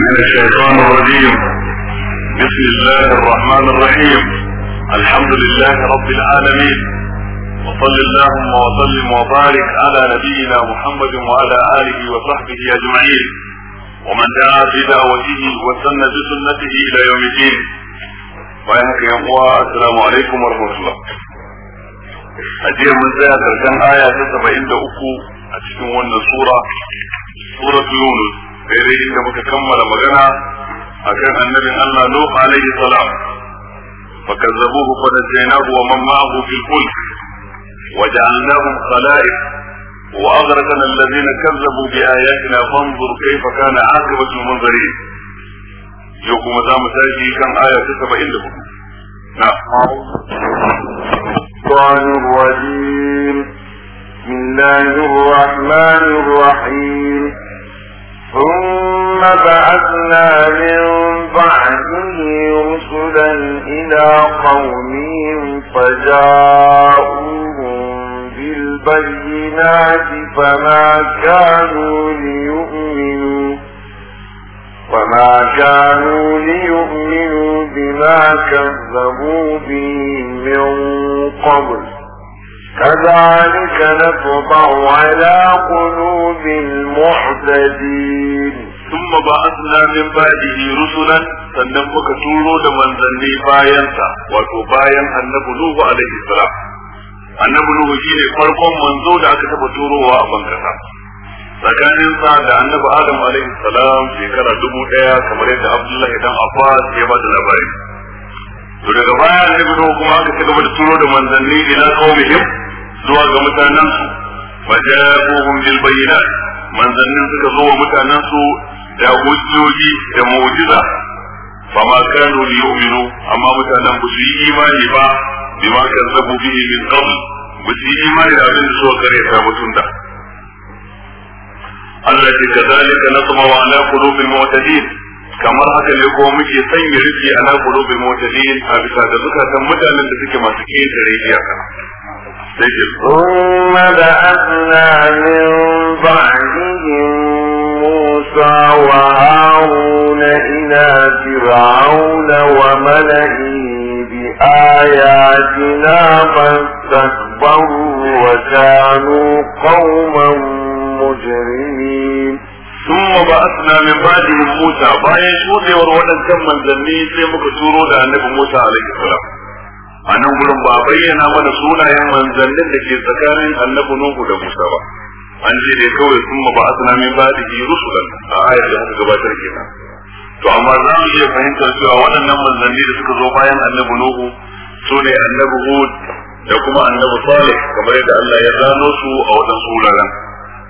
من الشيطان الرجيم بسم الله الرحمن الرحيم الحمد لله رب العالمين وصل اللهم وسلم وبارك على نبينا محمد وعلى اله وصحبه اجمعين ومن دعا بدعوته وسن بسنته الى يوم الدين وينك يا السلام عليكم ورحمه الله a من mun tsaya karshen aya ta saba'in da uku a cikin daidai inda muka kammala magana akan annabin Allah Nuh alaihi salam fa kazzabuhu fa najaynahu wa man ma'ahu fi al wa ja'alnahum qala'ib wa aghraqna alladhina kazzabu bi ayatina fanzur kayfa kana 'aqibatu al-munzirin yau kuma za mu tashi kan aya ta saba'in da hudu. Na. Tuhanin wajin, Bismillahirrahmanirrahim. ثم بعثنا من بعده رسلا إلى قومهم فجاءوهم بالبينات فما كانوا ليؤمنوا وما كانوا ليؤمنوا بما كذبوا به من قبل كذلك نطبع على قلوب المعتدين ثم بعثنا من بعده رسلا sannan muka turo da manzanni bayansa wato bayan annabi Nuhu alaihi salam annabi Nuhu shine farkon manzo da aka taba turowa a bankasa tsakanin sa da annabi Adam alaihi salam shekara dubu daya kamar yadda Abdullahi dan Abbas ya ba da labari to daga baya annabi ko kuma aka ci gaba da turo da manzanni ila qaumihim zuwa ga mutanen su fajabuhum bil bayyina manzannin suka zo wa mutanen su da hujjoji da mu'jiza ma kanu yu'minu amma mutanen ku su yi imani ba bima kazzabu bihi min qabl ku su yi imani da abin da suka kare ta mutunta Allah ce kazalika nasma wa ala qulubil mu'tadin kamar haka ne kuma muke sanya rufi a na gurubin mutadin a bisa da zukatan mutanen da suke masu ƙetare iyaka ثم بعثنا من بعدهم موسى وهارون إلى فرعون وملئه بآياتنا فاستكبروا وكانوا قوما مجرمين ثم بعثنا من بعدهم موسى bayan shudewar waɗancan manzanni sai muka turo da annabi Musa alaihi salam a nan gurin ba a bayyana mana sunayen manzannin da ke tsakanin annabi Nuhu da Musa ba an ce dai kawai kuma ba asna min ba'dihi rusulan a ayar da gabatar kenan to amma za mu iya fahimtar cewa waɗannan manzanni da suka zo bayan annabi Nuhu su ne annabi Hud da kuma annabi Salih kamar yadda Allah ya gano su a wajen suraren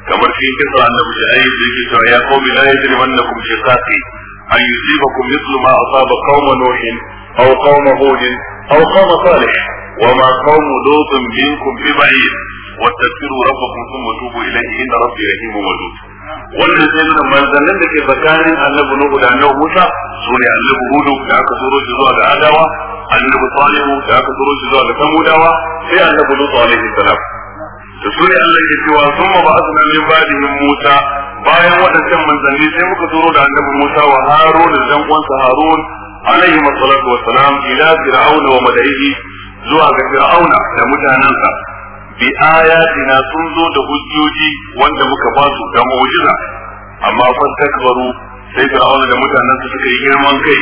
kamar shi kisa annabi da ayi da yake cewa ya qawmi la yajrimannakum shiqaqi an yusibakum mithlu ma asaba qauma nuhin aw qauma hudin aw qauma salih wa ma qaumu lutin minkum bi ba'id wattaqiru rabbakum thumma tubu ilayhi inna rabbi rahim wadud wannan sai nuna manzannin da ke tsakanin annabi nuhu da annabi musa su ne annabi hudu da aka turo shi zuwa ga adawa annabi salihu da aka turo shi zuwa ga samudawa sai annabi lutu alaihi salam da su ne Allah ke cewa sun ma ba azna min ba'dihim Musa bayan waɗancan manzanni sai muka zo da annabi Musa wa Harun da dan sa Harun alaihi salatu wa ila fir'auna wa mada'ihi zuwa ga fir'auna da mutanansa bi ayatina sun zo da hujjoji wanda muka ba su da mu'jiza amma fa takbaru sai fir'auna da mutanansa suka yi girman kai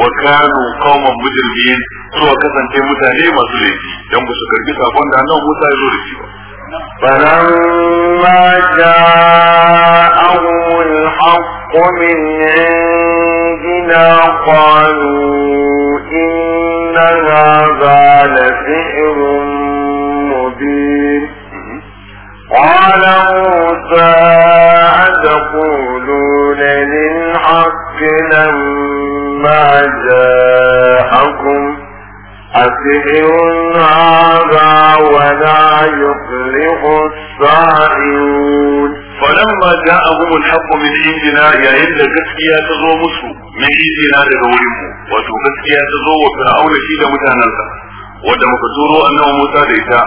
wa kanu qauman mujrimin suka kasance mutane masu laifi dan ba su karbi sakon da annabi Musa ya zo da shi ba فلما جاءه الحق من عندنا قالوا إن هذا لسحر مبين قال موسى أتقولون للحق لما جاءكم أسحر هذا ولا يفلح السائلون فلما جاءهم الحق من عندنا يا إلا قسكيا تزو مسو من عندنا لغورمو وتو قسكيا تزو وفرعون شيد متانلتا ودم كتورو أنه موسى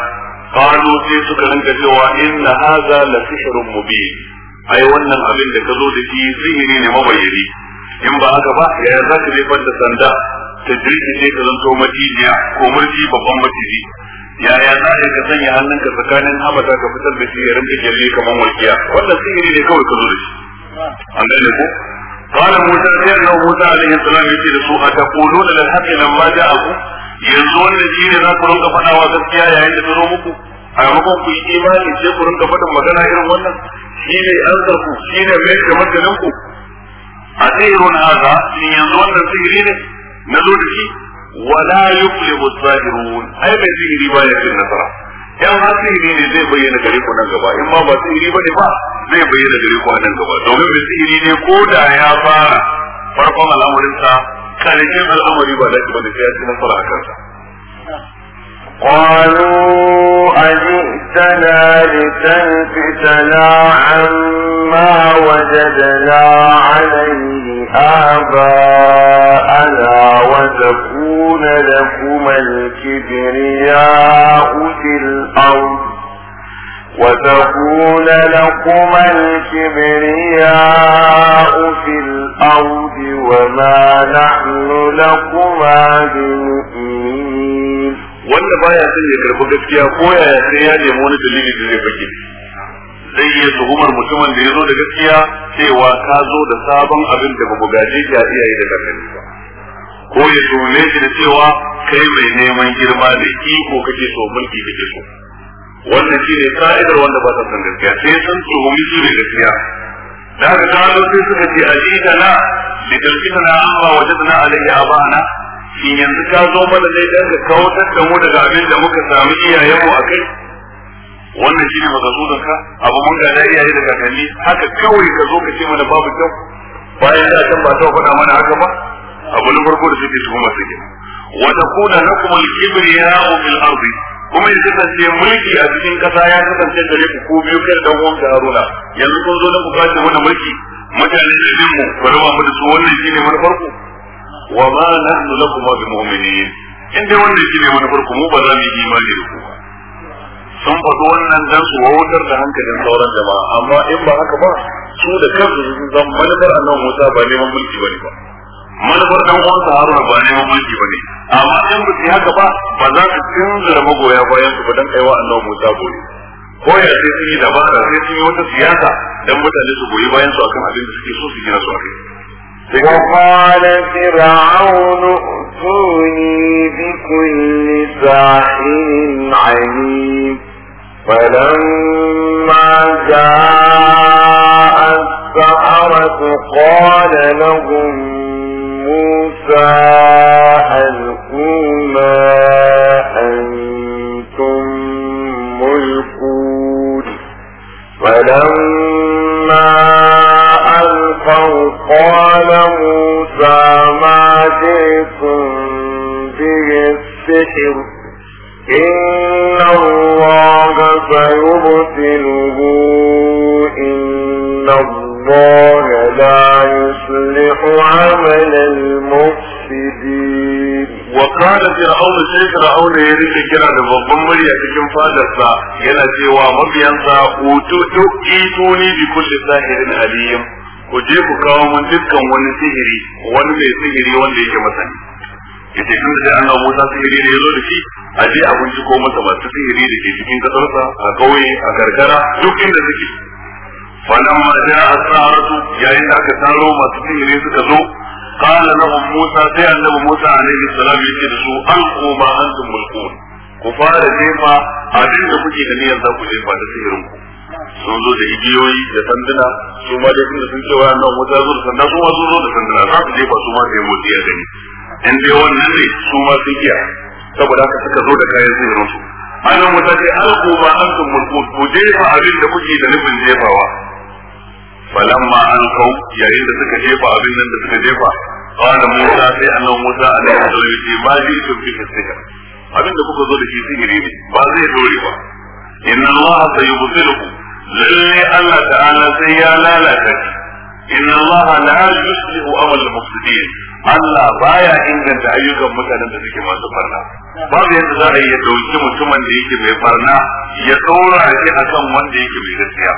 قالوا سيسك لنك جوا إن هذا لسحر مبين أي ونن أبن لكزو دكي سهرين مبيني إن بأك بأ يا ذاك لفد سندا ta jirki sai ka zanto macijiya ko murci babban maciji yaya za a ka sanya hannunka tsakanin hamata ka fitar da shi ya rinka gyalle kamar walƙiya wannan sihiri ne kawai ka zo da shi an gane ko قال موسى سيدنا موسى عليه السلام يقول سوء تقولون للحق لما جاءكم yanzu wannan shi za ku rinka faɗawa gaskiya yayin da zo muku a maimakon ku yi sai ku rinka faɗin magana irin wannan shi ne ku shi ne ku a yanzu na zo da shi wala yuflihu zahirun ai mai sihiri ba ya cin nasara yan ma sihiri ne zai bayyana gare ku nan gaba in ma ba sihiri ba ne ba zai bayyana gare ku nan gaba domin mai sihiri ne ko da ya fara farkon al'amarin sa karshen al'amari ba zai bane sai ya ci nasara a kansa قالوا أجئتنا لتلفتنا عما وجدنا عليه آباءنا وتكون لكما الكبرياء في الأرض وتكون لكما الكبرياء في الأرض وما نحن لكما بمؤمنين وأن بايا سيدي كربو gaskiya ko yaya sai ya nemi wani dalili da zai fake zai iya tuhumar mutumin da ya zo da gaskiya cewa ka zo da sabon abin da babu gaje ya iyaye da kakanni ba ko ya tuhume shi da cewa kai mai neman girma da iko kake so mulki kake so wannan shi ne ka'idar wanda ba ta san gaskiya sai san tuhumi su ne gaskiya da ka gano sai suka ce a ji da na da dalkita na amma wajen na alayya a bana shi yanzu ka zo mana zai ɗan ka kawo da mu daga abin da muka samu iyayenmu a kai wannan shine makasudin ka abu mun ga da iyaye da kakanni haka kawai ka zo ka ce mana babu kyau bayan da kan ba ta faɗa mana haka ba abu na farko da suke tuhuma suke wa takuna lakum al-kibriya'u fil ardi kuma ya kasance mulki a cikin kasa ya kasance gare ku ko biyu kan dan uwan Haruna yanzu kun zo da ku ba mana mulki mutane da bin mu bari ma mu da su wannan shine mana farko? wa ma nahnu lakum bi mu'minin in dai wannan shine mana farko mu ba za mu yi imani da ku ba sun faɗi wannan dan su wutar da hankalin sauran jama'a amma in ba haka ba su da kansu sun san manufar annan wuta ba neman mulki ne ba manufar dan uwan Haruna ba neman mulki ba ne, amma in ba su haka ba ba za su tunzura magoya bayan su ba dan kaiwa annan Musa gobe ko ya sai sun yi dabara sai sun yi wata siyasa dan mutane su goyi bayan su akan abin da suke so su gina su akai وقال فرعون ائتوني بكل ساحر عليم فلما جاء السحرة قال لهم موسى ألقوا ما أنتم ملقون فلما ألقوا قال موسى ما جئتم به السحر إن الله سيبطله إن الله لا يصلح عمل المفسدين وقال فرعون sai فرعون ya rike kira da babban murya cikin fadarsa yana cewa mabiyansa utu tuqituni bi kulli sahirin ku je ku kawo mun dukkan wani sihiri wani mai sihiri wanda yake masani yace tun da an ga Musa sihiri ne zo da shi a je a binciko masa masu sihiri da ke cikin kasarsa a kauye a karkara duk inda suke falamma ja'a as su yayin da aka taro masu sihiri suka zo qala na Musa sai annabi Musa alaihi salam yace da su an ko ma antum mulkun ku fara jefa abin da kuke da niyyar za ku jefa da sihirin ku sun zo da igiyoyi da sanduna su ma dai sun ce wa annabi Musa zo da sanduna su ma zo da sanduna za su jefa su ma da motsi ya gani in dai wannan ne su ma sun iya saboda haka suka zo da kayan zai musu ana mata ce alku ba an kun mulku ku jefa abin da kuke da nufin jefawa ma an kau yayin da suka jefa abin nan da suka jefa qala musa sai annabi musa alaihi salam yace ma ji to fi sihir abin da kuka zo da shi sihiri ne ba zai dore ba inna allaha sayubtiluhu lalle allah ta'ala sai ya lalata shi inna allaha la yuslihu amal mufsidin Allah baya inganta ayyukan mutanen da suke masu farna. babu yadda za a yi ya dauki mutumin da yake mai farna. ya tsora shi akan wanda yake mai gaskiya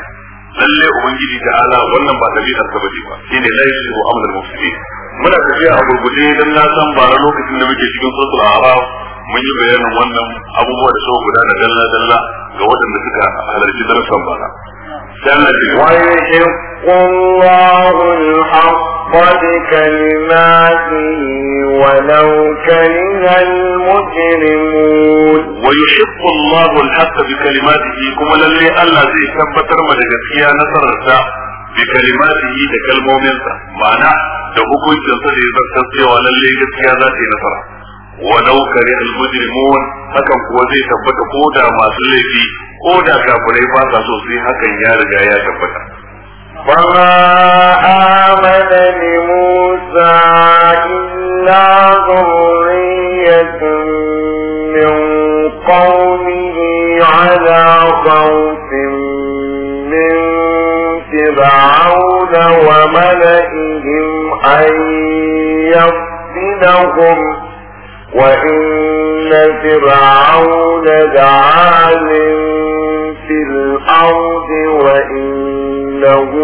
lalle ubangiji da ala wannan ba dabi'ar ka bace ba shine laifi wa amrul mufsidin muna tafiya a gurgude dan na san ba lokacin da muke cikin suratul a'raf mun yi bayanin wannan abubuwa da sau guda na dalla dalla ga waɗanda suka halarci darasan bara. Sannan wa yashiqu Allahu al-haqq حق بكلماته ولو كره المجرمون ويحق الله الحق بكلماته كما للي الله زي تبتر مدغتيا نصر بكلماته بكلمومنسا معنى da hukuncinsa da ya zartar cewa lalle gaskiya za ta yi nasara walau kare al hakan kuwa zai tabbata ko da masu laifi ko da kafirai ba so sai hakan ya riga ya tabbata فما آمن لموسى إلا ذرية من قومه على خوف من فرعون وملئهم أن يفتنهم وإن فرعون لعال في الأرض وإن إنه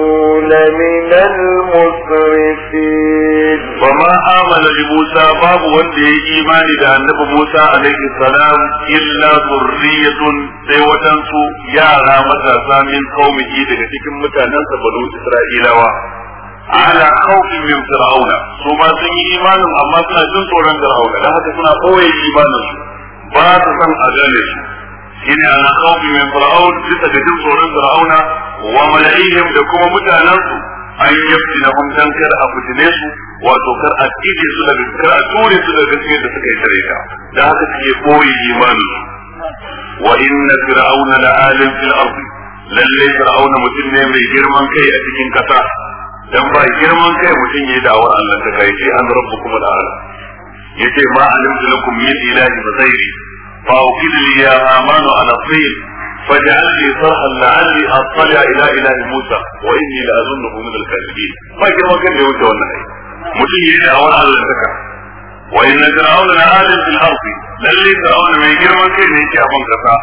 لمن المسرفين وما آمن لموسى باب وندي إيمان إذا النبي موسى عليه السلام إلا ذرية سيوتنسو يا رامتا من قومه لكتكم متاننس بنو إسرائيلوا ala khawfin min fir'auna su ma sun yi imanin amma suna jin tsoron fir'auna dan haka suna koyi imanin su ba su san a gane su shine ala min fir'aun bisa ga jin tsoron fir'auna wa mala'ihim da kuma mutanensu an yafi na hundan kar a fitine su wato kar a tsige su daga kar a ture su daga gaskiyar da suka yi tare ta da haka suke koyi imani wa inna fir'auna la'alim fil ardi lalle fir'auna mutum ne mai girman kai a cikin kasa dan ba girman kai mutum yayi da'awar Allah ta kai an rabbukum al'ala yace ma alimtu lakum min ilahi bazairi فأوكل لي يا هامان على الطين فاجعل لي صرحا لعلي أطلع إلى إله موسى وإني لأظنه من الكاذبين ما كان ما كان والنهي mutum ya yi da awon Allah saka wa inna fir'auna la alim fil ardi lalle fir'auna mai girman kai ne yake a ban kasa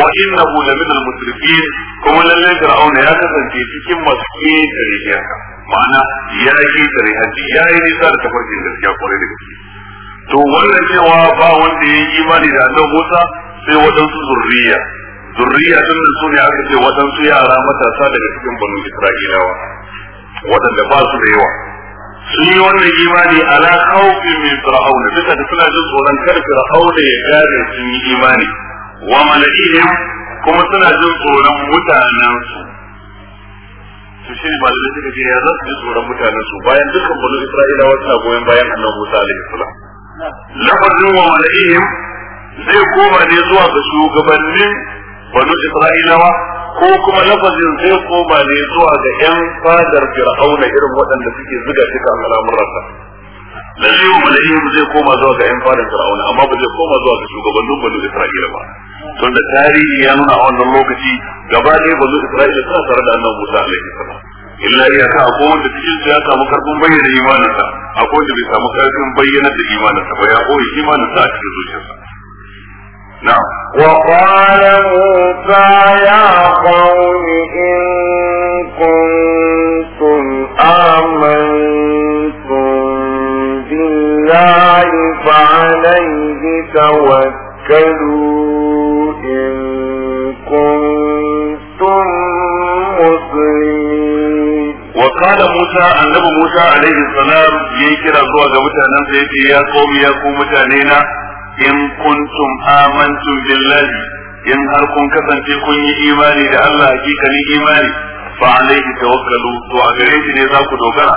wa innahu la min al musrifin kuma lalle fir'auna ya kasance cikin masu kiyar tarihiyarka ma'ana ya yi ya nisa da tafarkin gaskiya kwarai da to wannan cewa ba wanda ya yi imani da annabi Musa sai waɗansu zurriya zurriya din da su ne aka ce waɗansu yara matasa daga cikin banu Isra'ilawa waɗanda ba su da yawa sun yi wannan imani ala khawfi min fir'auna duka da suna jin tsoron kar fir'auna ya gane sun yi imani wa mala'ihim kuma suna jin tsoron mutanen su to shi ba da suka ya za su ji tsoron mutanen su bayan dukkan banu Isra'ilawa suna goyon bayan annabi Musa alaihi salam lafazin wa mala'ihim zai koma ne zuwa ga shugabannin banu isra'ilawa ko kuma lafazin zai koma ne zuwa ga yan fadar fir'auna irin waɗanda suke zuga shi kan al'amuransa lalle wa mala'ihim zai koma zuwa ga yan fadar fir'auna amma ba zai koma zuwa ga shugabannin banu isra'ila ba tunda tarihi ya nuna a wannan lokaci gaba ɗaya banu isra'ila suna tare da annabi Musa alaihi salam illa iya ka akwai wanda cikin ya samu karfin bayyana imaninsa akwai wanda bai samu karfin bayyana da imaninsa ba ya koyi imaninsa a cikin zuciyarsa Na'am. نعم وقال موسى يا قوم إن كنتم آمنتم بالله فعليه توكلوا da Musa annabi Musa alaihi salam yayi kira zuwa ga mutanen sa yace ya komi ya ku mutane na in kuntum amantum billahi in har kun kasance kun yi imani da Allah hakikanin imani fa alaihi tawakkalu to a gare shi ne za ku dogara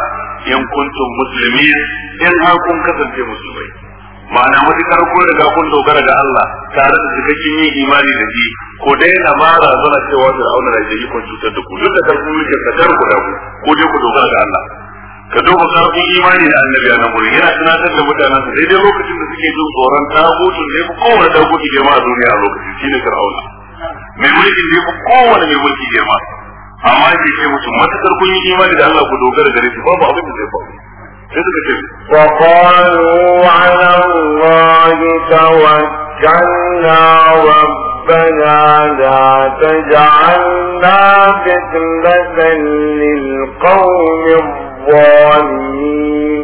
in kuntum muslimin in har kun kasance musulmai ma'ana matukar kun riga kun dogara ga Allah tare da cikakken yin imani da shi ko dai na mara zana cewa da auna da yi kun cutar da ku duk da ta mulkin ka tar ku da ku ko dai ku dogara ga Allah ka duba karfin imani da annabi a nan gurin yana tunatar da mutanen su daidai lokacin da suke jin tsoron tagutun ne kowane tagutu girma a duniya a lokacin shine fir'auna mai mulkin ne kowane mai mulki girma amma yake ce mutum matukar kun yi imani da Allah ku dogara gare shi babu abin da zai faru وقالوا على الله توكلنا ربنا لا تجعلنا فتنة للقوم الظالمين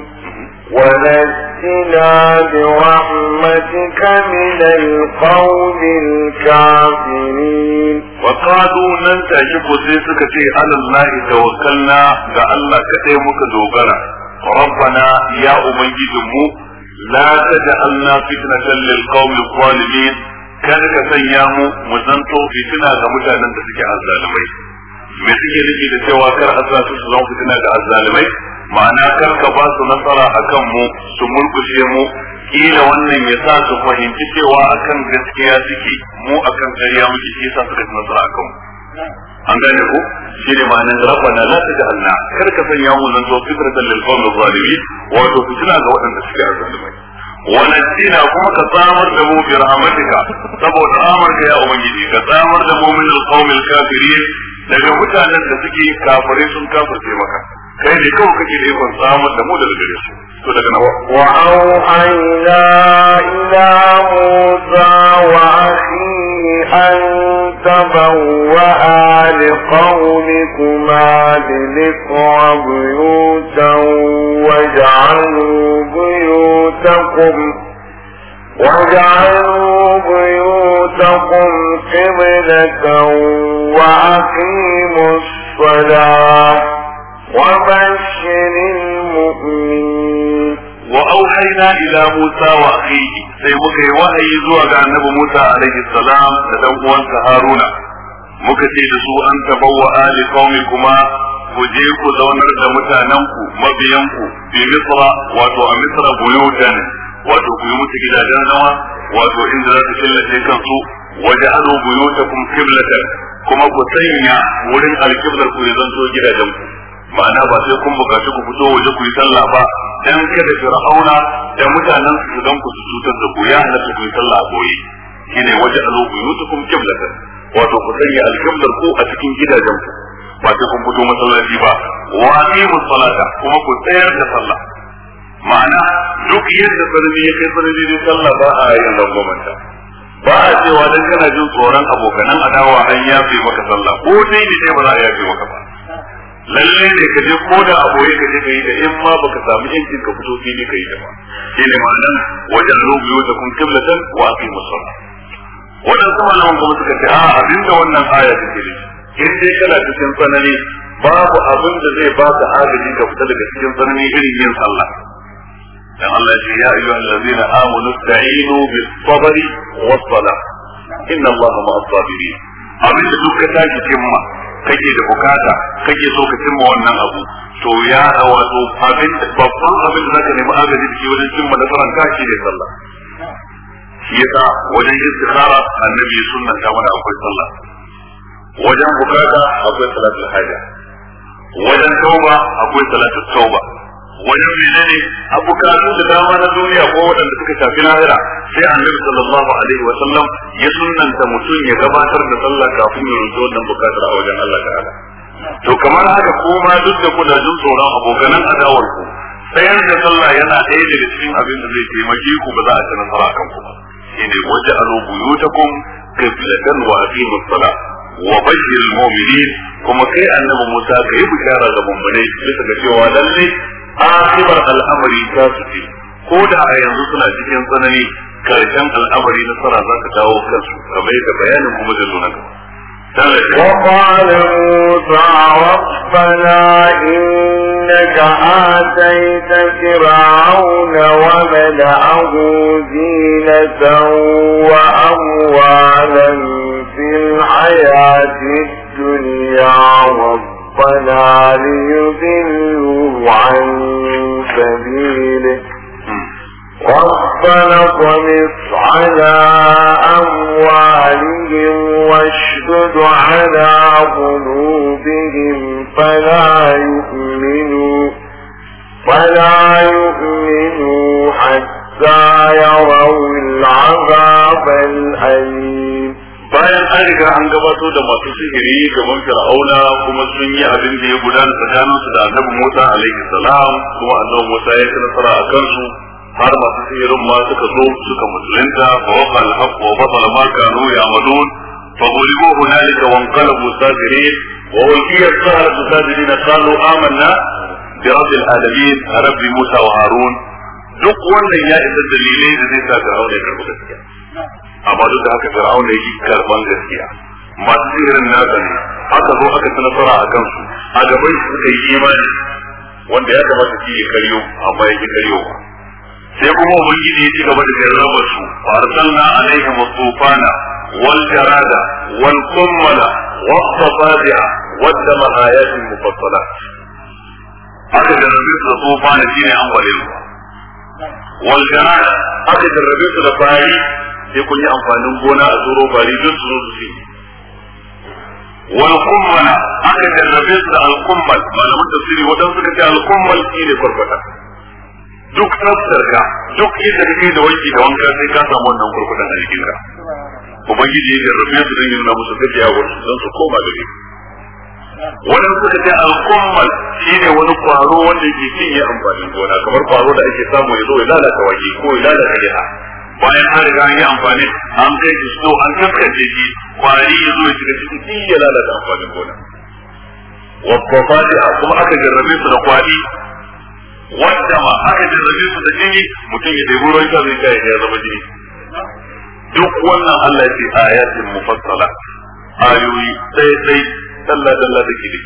ونجنا برحمتك من القوم الكافرين وقالوا لن تعجبوا سيسك على الله توكلنا لعلك تيمك دوغنا rabbana ya ubangijinmu la taj'alna fitnatan lil qawmi zalimin kada ka sanya mu mu zanto fitina ga mutanen da suke azzalimai me suke nufi da cewa kar a sa su zama fitina ga azzalimai ma'ana kar ka ba su nasara akan mu su murkushe mu kila wannan ya sa su fahimci cewa akan gaskiya ciki mu akan ƙarya muke shi yasa suka ci nasara akan mu an gane ko shi ne ma'anin rabbana la taj'alna kar ka sanya mu nan to fitratan lil qawmi zalimin wato fitina ga waɗanda suke azzalimai wa tina kuma ka samar da mu bi rahmatika saboda amarka ya ubangiji ka samar da mu min al qawmi al kafirin daga mutanen da suke kafirai sun kafirce maka kai ne kawai kake da ikon samun da mu da gare su to daga nawa wa auhayna ila musa wa akhihi an tabawwa li qawmikuma bilikra wa waj'alu buyutakum وجعلوا بيوتكم قبلة وأقيموا الصلاة وبشر المؤمنين وأوحينا إلى موسى وأخيه sai muka yi wa'ayi zuwa ga annabi Musa alaihi salam da dan uwansa Haruna muka ce da su an tabawwa ali qaumi kuma ku je ku zaunar da mutanen ku mabiyan ku bi Misra wato a Misra buyutan wato ku yi musu gidajen zama wato inda za su killace kansu waje alo buyutakum qiblatan kuma ku sanya wurin alqiblar ku zanto gidajen ku ma'ana ba sai kun bukaci ku fito waje ku yi sallah ba dan kada fir'auna da mutanen su dan ku su cutar da ku ya halatta ku yi sallah a goyi shine waje alu buyutukum qiblatan wato ku sanya alqiblar ku a cikin gidajen ku ba sai kun fito masallaci ba wa aqimu salata kuma ku tsayar da sallah ma'ana duk yadda sarari ya kai sarari ne sallah ba a yin rangwamanta ba a cewa dan kana jin tsoron abokanan adawa an yafe maka sallah ko dai ne ba za a yafe maka ba Lallai ne ka je ko da aboye ka je ka yi da in ma baka samu yankin ka fito fili ka yi da ba shi ne ma'anan wajen rubiyo da kun kiblatan wa aqi musalla wadansu malaman kuma suka ce a abin da wannan aya take da shi in dai kana cikin tsanani babu abin da zai ba baka agaji ka fita daga cikin tsanani irin yin sallah dan Allah ya ce ya ayyuha allazina amanu ta'inu bis sabri was salah inna allaha ma'as sabirin abin da duk ka tashi cimma kake da bukata kake so ka cimma wannan abu to ya wato abin babban abin da zaka nemi agaji da shi wajen cimma nasarar ka shi ne sallah shi yasa wajen istikhara annabi sunnan ta mana akwai sallah wajen bukata akwai salatul haja wajen tauba akwai salatul tauba Wani rene ne a da dama na duniya ko waɗanda suka shafi lahira sai annabi sallallahu alaihi wa sallam ya sunanta mutum ya gabatar da sallah kafin ya rubuta wannan bukatar a wajen Allah ta'ala to kamar haka ko ma duk da kuna jin tsoron abokanan adawar ku sayar da sallah yana ɗaya daga cikin abin da zai taimake ku ba za a ci nasara kan ku ba shine waja'alu buyutakum qiblatan wa aqimus salah wa bashir mu'minin kuma kai annabi Musa kai bishara ga mu'minai bisa ga cewa lalle akibar al'amari ta suke ko da a yanzu suna cikin tsanani karshen al'amari nasara za ka dawo kansu kamar yadda bayanin kuma da nuna وقال موسى ربنا إنك آتيت فرعون وملأه زينة وأموالا في الحياة الدنيا رب ربنا ليذلوا عن سبيله ربنا طمس على أموالهم واشدد على قلوبهم فلا يؤمنوا فلا يؤمنوا حتى يروا العذاب الأليم bayan an riga an gabato da masu sihiri ga gaban fir'auna kuma sun yi abin da ya gudana tsakanin su da annabi Musa alaihi salam kuma annabi Musa ya nasara a kansu har masu sihirin ma suka zo suka musulunta fa waqa al-haqq wa batala ma kanu ya'malun fa ghulibu hunalika wa inqalabu sajirin wa ulqiya as-sahratu qalu amanna bi rabbil alamin rabbi Musa wa Harun duk wannan ya isa dalilai da zai sa fir'auna ya karbi gaskiya amma duk da haka fir'aun ne yake karban gaskiya masu sihirin nasa ne aka zo aka ta nasara a kansu a gaban shi suka yi imani wanda ya kamata shi ya karyo amma ya ki ba. sai kuma ubangiji ya ci gaba da jarrabar su arsalna alaihim tufana wal jarada wal kummala was safadia wad dama ayatin mufassalat aka jarrabe su da tufana shine ambalin wal jarada aka jarrabe su da fari sai kun yi amfanin gona a tsoro bari duk su zo su ci wal kummala aka jarrabe su da al kummal malaman tafsiri wadansu suka ce al kummal shine kurkuta duk tsaftar ka duk inda kake da wanki da wanka sai ka samu wannan kurkutan a jikin ka ubangiji ya jarrabe su don nuna musu a wasu don su koma da gari wannan suka ce al-kummal shine wani kwaro wanda ke cinye amfanin gona kamar kwaro da ake samu ya zo ya lalata wake ko ya lalata liha bayan an riga an yi amfani an kai shi so an kaskace shi kwari ya zo ya shiga cikin shi ya lalata amfanin gona wasafati a kuma aka jarrabe su da kwari wanda ma aka jarrabe su da jini mutum ya ɗebi ruwan sha zai kai ya zama jini duk wannan Allah ya ce ayatin mufassala ayoyi sai sai dalla dalla da gidi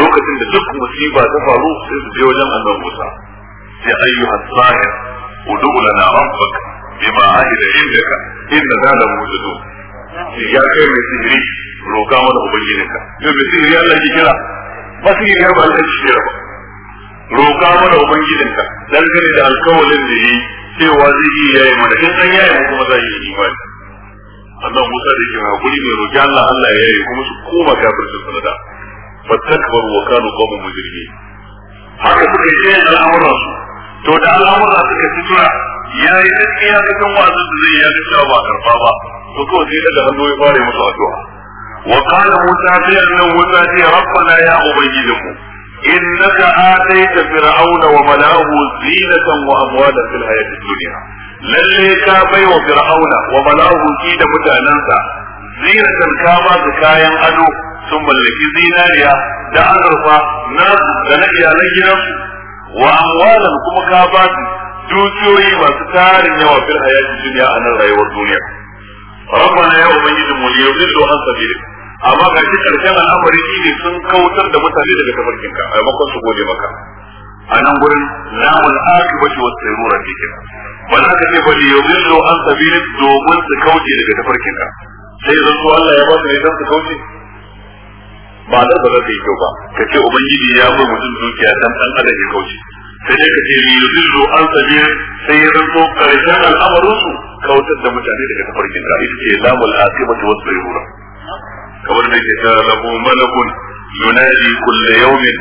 lokacin da duk musiba ta faru sai su je wajen annabi Musa ya ayyuha sahir ud'u lana rabbaka bima ahida indaka inna zada mujadu ya kai mai sihiri roka mana ubangijinka to mai sihiri Allah ki kira ba sihiri har ba Allah ki kira ba roka mana ubangijinka dangane da alkawalin da yi cewa zai iya yayi mana in an yayi mu kuma zai yi imani annan Musa da yake hakuri ne roki Allah Allah ya yi kuma su koma kafircin sanada fatakbaru wa kanu qawmun mujrimin haka suka yi al'amuran su to da al'amuran suka ci tura ya yi gaske ya ga kan wazin da zai ya ga cewa ba karfa ba ko kawai sai daga hannu ya fara musu addu'a wa qala musa fi annan musa ce rabbana ya ubangijinmu innaka ataita fir'auna wa mala'ahu zinatan wa amwalan fil hayati dunya lalle ka bai wa fir'auna wa mala'ahu shi da mutanansa zinatan ka ba su kayan ado sun mallaki zinariya da azurfa na da na iyalan gidansu wa amwalan kuma ka ba su dukiyoyi masu tarin yawa fil hayati duniya a nan rayuwar duniya rabbana ya ubangiji mu yudillu an sabili amma ga shi karshen al'amari shi ne sun kautar da mutane daga tafarkinka a maimakon su gode maka a nan gurin lamun akibati wa tsirura ke kira ba za ka ce ba ne yudillu an sabili domin su kauce daga tafarkinka sai zan so Allah ya ba su ne don su kauce ba da ba za ta yi kyau ba ka ce ubangiji ya bai mutum dukiya don ɗan adam ya kauce sai dai ka ce li yudillu an sabil sai ya zanto karshen al'amarin su kautar da mutane daga tafarkin ka ita ce lamul aqibati was sayyura kamar da ke tara lahu malakun yunadi kullu yawmin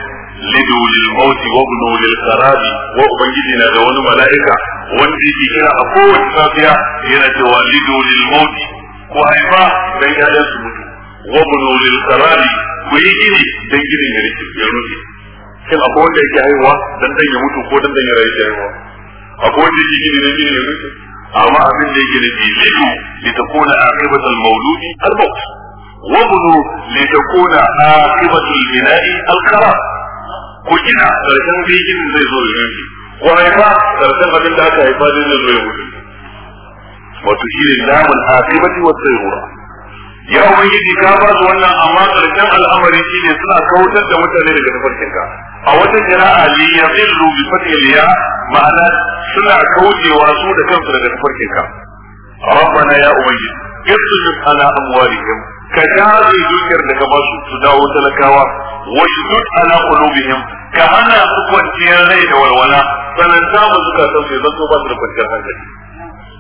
lidu lil mauti wa ibnu lil qarabi wa ubangiji na da wani mala'ika wanda yake kira a kowace safiya yana cewa lidu lil mauti Ku haifa dan ya'yan su mutu wa ibnu lil qarabi ku yi gini dan gini ya rufe shin akwai wanda yake haihuwa dan dan ya mutu ko dan dan ya rayu ya haihuwa akwai wanda yake gini ne gini ya mutu amma abin da yake nufi lidu litakuna aqibatul mawludi al-maut wa bunu litakuna aqibatul bina'i al-karam ko gina karshen bigin zai zo ya mutu ko haifa karshen abin da aka haifa zai zo ya mutu wato shi ne lamun aqibati wa sayyura ya ubangiji ka ba su wannan amma karshen al'amari ne suna kautar da mutane daga tafarkinka a wata jira'a liya zai rubi fatil ya ma'ana suna kaucewa su da kansu daga tafarkinka rabbana ya ubangiji irsujuk ala amwalihim ka jaze dukiyar da ka ba su su dawo talakawa wa duk ala kulubihim ka hana su kwanciyar rai da walwala samun samu zukatan su zan so ba su da kwanciyar hankali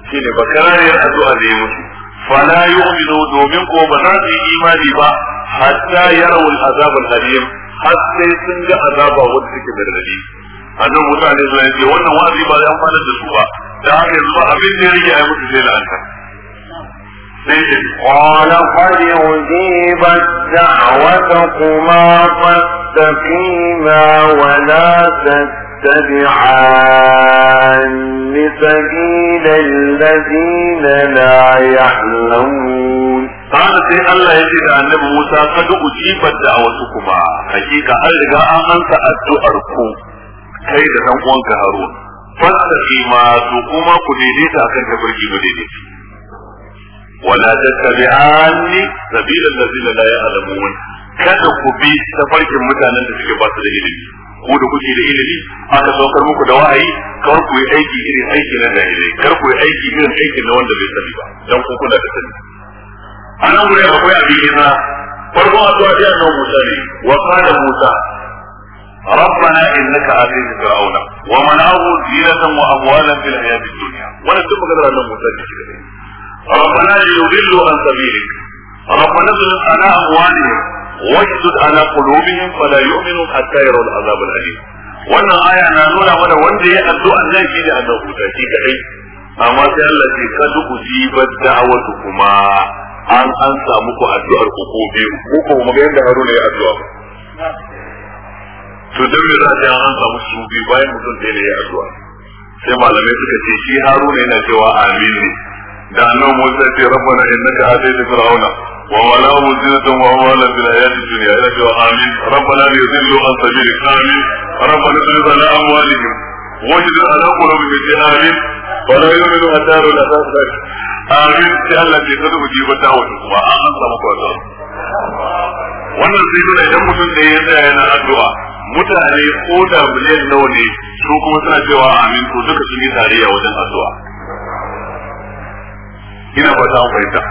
shine bakarariyar addu'a da yi musu فلا يؤمن دومينكو بذاتي إيماني با حتى يروا العذاب الأليم حتى يسنج عذاب ودك بالردي أنا موسى عليه الصلاة والسلام وأنا واضي بعد أن قال الدسوة دعني الله أبين يرجع يموت في الأنسى قال قد أجيبت قما فاستقيما ولا تستقيما يتبعان سبيل الذين لا يعلمون قال سي الله يجي ده النبي موسى قد اجيبت دعوتكما حقيقة an riga an ansa addu'ar ku kai da dan uwanka Harun fasaki ma kuma ku daidaita kan tabarki ba daidaiti kada ku bi tafarkin mutanen da suke ba su da ilimi ku da kuke da ilimi aka saukar muku da wa'ayi kar ku yi aiki irin aiki na jahilai kar ku yi aiki irin aiki na wanda bai sani ba dan ku kuna da sani anan gure ba koyi abin yana farko a zuwa ji nan Musa ne wa qala Musa rabbana innaka atin fir'auna wa manahu zinatan wa amwalan fil hayati dunya wannan duk magana annabi Musa ke cike da ربنا يضل عن سبيلك ربنا اغفر لنا اموالنا واشدد على قلوبهم فلا يؤمنوا حتى يروا العذاب الأليم wannan aya na nuna mana wanda ya addu'a nan shi da annabi huta shi kadai amma sai Allah ce kad ujibat da'watu kuma an an samu ku addu'ar ku ko biyu ko ko mu ga yanda Haruna ya addu'a to dan me za ta an samu su biyu bayan mutum da ya addu'a sai malamai suka ce shi Haruna yana cewa amin ne da annabi Musa ce rabbana innaka atayta fir'auna وولا مزينة وأموالا في الحياة الدنيا إلى آمين ربنا ليذلوا عن سبيلك آمين ربنا اغلظ على أموالهم وجد على قلوبهم آمين ولا يؤمن أدار الأساس لك آمين لألا تكتب مجيبة وتقوى أنت مقرر wannan sai nuna idan mutum da ya tsaya yana addu'a mutane ko da miliyan nawa ne su kuma suna cewa amin to duka sun yi tarayya wajen addu'a ina fata an fahimta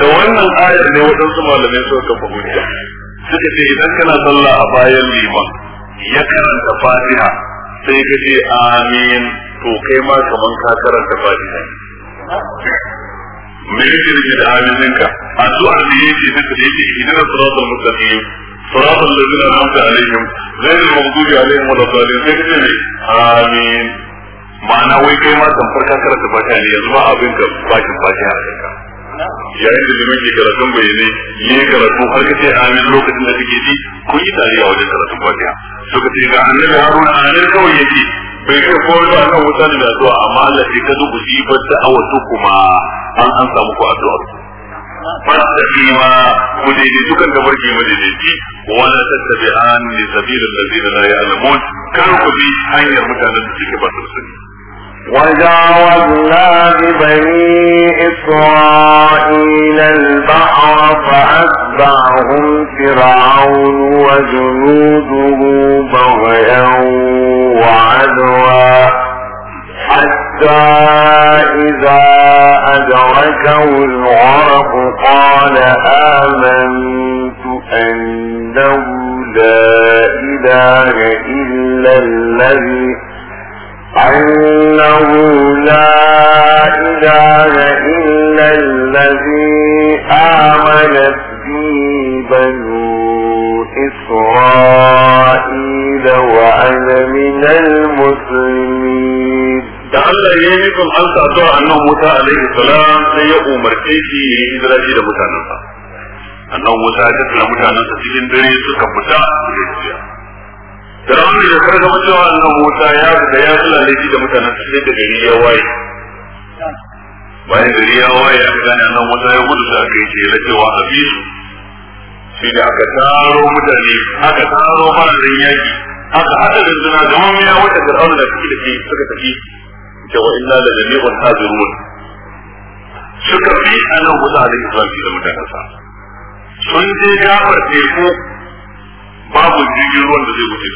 da wannan ayar ne waɗansu malamai suka kafa hujja suka ce idan kana sallah a bayan liman ya karanta fatiha sai ka ce amin to kai ma kaman ka karanta fatiha me yake rike da amin ka addu'ar da yake da yake idan salatul mustaqim صراط الذين أنعمت عليهم al المغضوب عليهم ولا الضالين sai ka ne amin ma'ana wai kai ma tamfar ka karanta fatiha ne yanzu ma abin ka bakin fatiha a kanka yayin da liman ke karatun ya yi karatu har ka ce amin lokacin da kake ji kun yi tare a wajen karatun fatiha ka ce ga annabi haruna amin kawai yake bai kai ko ba kan wuta ne da zuwa amma Allah sai ka ku ji ba da awatu kuma an an samu ku addu'a fastaqima ku dai dai dukan da barke mu dai dai wala tattabi'an li sabilil ladina la ya'lamun kar ku bi hanyar mutanen da ba وجاوزنا ببني إسرائيل البحر فأتبعهم فرعون وجنوده بغيا وعدوا حتى إذا أدركه الغرق قال آمنت أنه لا إله إلا الذي أنه لا إله إلا الذي آمنت به بنو إسرائيل وأنا من المسلمين da Allah ya yi kun an sa zuwa annan Musa alaihi salam sai ya umarce shi ya yi hijira da mutanensa. Annan Musa ya tattara mutanensa cikin dare suka fita da tafiya. Fir'auna da kar ga cewa annan wuta ya da ya sulale laifi da mutanen su sai da gari ya waye. Bayan gari ya waye aka gane annan wuta ya gudu da aka yi ce na cewa a bi su. Shi da aka taro mutane aka taro fararen yaki aka haɗa da zuna gama mai wata Fir'auna da suke da ke suka tafi. Cewa inna da jami'un hajirun. Suka bi annan Musa alaihi salam da mutanen mutanensa. Sun je gafar teku babu jirgin ruwan da zai wuce da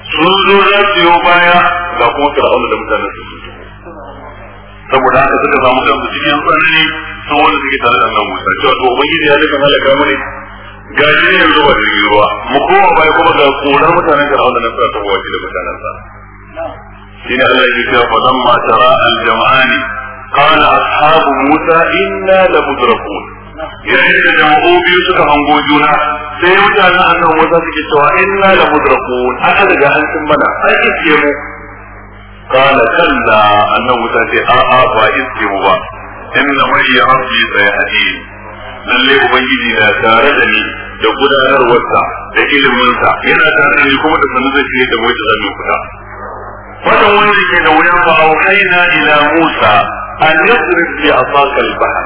su sun zo za su yi baya ga kuma fir'auna da mutanen su saboda haka suka samu kansu cikin tsanani sun wanda suke tare da annabi Musa cewa to da ya duka halaka mu ne ga shi yanzu ba jirgin ruwa mu koma baya kuma ga korar mutanen fir'auna na sa ta wace da mutanen sa shine Allah ya ce fa lamma tara al-jam'ani qala ashabu Musa inna la mudrakun yayin da jama'u biyu suka hango juna sai mutanen annan wata suke cewa inna la mudraku aka daga an mana ai iske mu kana kalla annan wuta ce a a ba iske mu ba inna mai ya rabbi sayhadi lalle ubangiji na tare da ni da gudanarwarsa da iliminsa yana tare da ni kuma da sanin zai yi da wata yi fita wannan wani ke da wuyan ba kaina ila musa أن يضرب في بعصاك البحر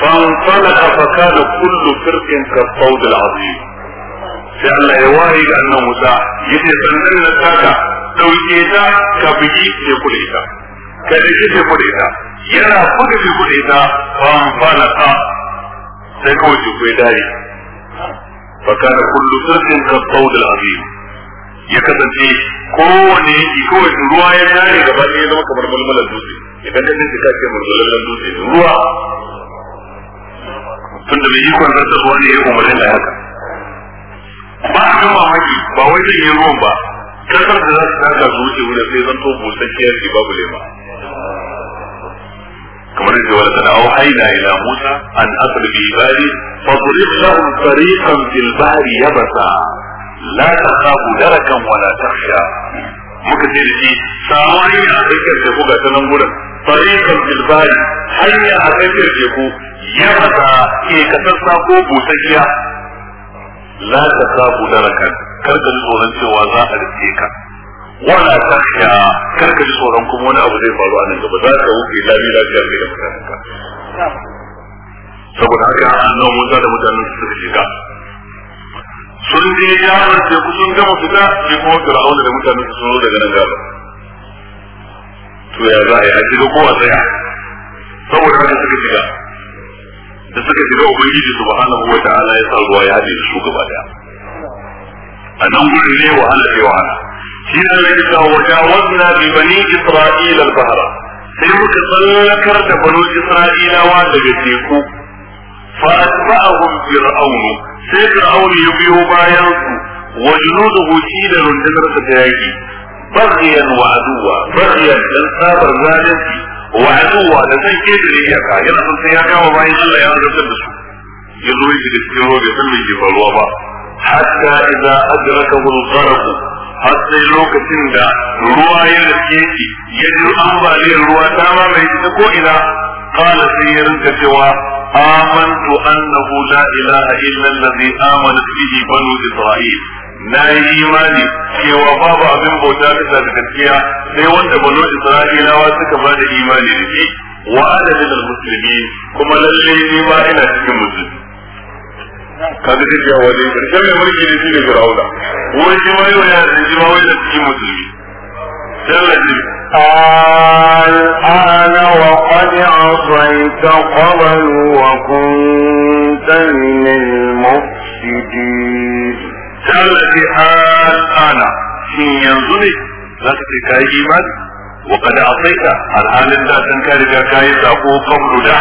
فانطلق فكان كل فرق كالصوت العظيم في أن يواهي أن موسى يتسنن لساكا لو إيدا كبدي يقول إذا كبدي يقول إذا يرى فرق يقول إيدا فانطلق سيكوج بيداري فكان كل فرق كالصوت العظيم يكتب فيه kowane yanki kawai ruwa ya tare gaba ɗaya zama kamar mulmulan dutse idan ka dinka ka ce mulmulan dutse ruwa tunda mai ikon zarta ruwa ne ya umarni da haka ba a kan mamaki ba wai zai yi ruwan ba kasar da za su kasa su wuce wurin sai zan to busasshiyar ki babu lema kamar yadda wani sana au haina ila musa an asali bi ibadi fa turib lahum tariqan fil bahri yabasa la tasabu darakan wala takhsha muka ce da shi samu hanya a tsakiyar ga sanan gurin tariqan fil hanya a tsakiyar teku ya mata ke kasarsa ko busasshiya la tasabu darakan kar ka ji tsoron cewa za a rike ka wala takhsha kar ka ji tsoron kuma wani abu zai faru a nan gaba za ka wuce lami lafiyar da ya mutanen ka saboda haka annabi Musa da mutanen su suka shiga sun je yawon teku sun gama fita shi kuma fir'auna da mutane su zo daga nan gaba to ya za a yi a shiga ko a tsaya saboda haka suka shiga da suka shiga ubangiji subhanahu wa ta'ala ya sa ruwa ya haɗe su gaba daya a nan gurin ne wahala ne wahala shi ne mai ta wajawazna bi bani isra'ila al-bahra sai muka tsallakar da banu isra'ilawa daga teku fa atba'ahum fir'aunu sai fir'aun ya biyo bayan su wa junuduhu shi da rundunar sa ta yaki bagiyan wa aduwa bagiyan dan sabar zalunci wa aduwa da zai ke da iyaka yana son sai ya kama bayan Allah ya rubuta da su ya zo shi da cikin ruwa bai san me ke faruwa ba hatta idza adrakahu al-gharq har lokacin da ruwa ya rike shi ya ji ambaliyar ruwa ta mamaye ta ko ina qala sai ya rinka cewa آمنت أنه لا إله إلا الذي آمنت به بنو إسرائيل ناي إيماني كي وفاب أبن بوتاك تذكتيا سي وانت بنو إسرائيل واسك بعد إيماني لك وآل من المسلمين كما للي نيبا إلى تلك المسلم كذلك يا ولي كم يملك لسي لفرعون ويجي ما يويا لسي ما ويجي لسي مسلمين قال أنا وقد عصيت قبل وكنت من المفسدين الذي قال أنا شين ينزلي لست كاي وقد عصيت الآن لا تنكر كاي تقو قبل ده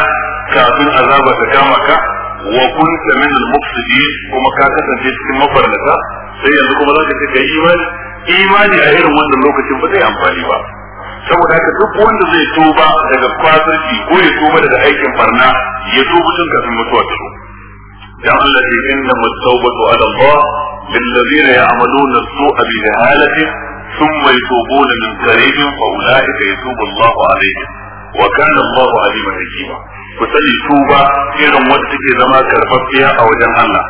كافي أذاب تكامك وكنت من المفسدين وما كانت تنجيك مفرلتا سيئا لكم الله كاي imani a irin wannan lokacin ba zai amfani ba saboda haka duk wanda zai tuba daga kwasarci ko ya tuba daga aikin barna ya tuba tun kafin mutuwa ta zo dan Allah ce inna mutawbatu ala Allah lil ladina ya'maluna as-su'a bi jahalati thumma yatubuna min qareebin fa ulai ka yatubu Allah alayhi wa kana Allah aliman hakima ku sani tuba irin wanda take zama karfafiya a wajen Allah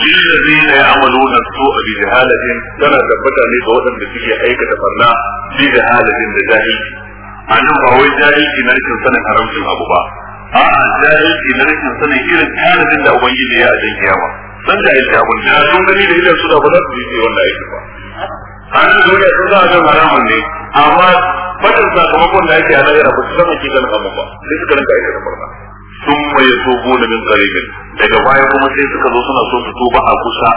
للذين يعملون السوء بجهالة سنة تبتا ليس وطن بسيء أيكة فرنا بجهالة لجاهل أنا بوي جاهل إن ركن سنة حرمت الأبو با آه جاهل إن ركن سنة إلى الحالة اللي أبين لي أجل كياما سن جاهل جاهل جاهل غني لإلى سنة فضل بيسي ولا أيكة با أنا دولي أسنة أجل حرام لي أما فتن ساكمكم لا يكي على غير أبو سنة كي كان أبو با ليس كان كأيكة فرنا ثم يتوبون من قريب daga baya kuma sai suka zo suna so su tuba a kusa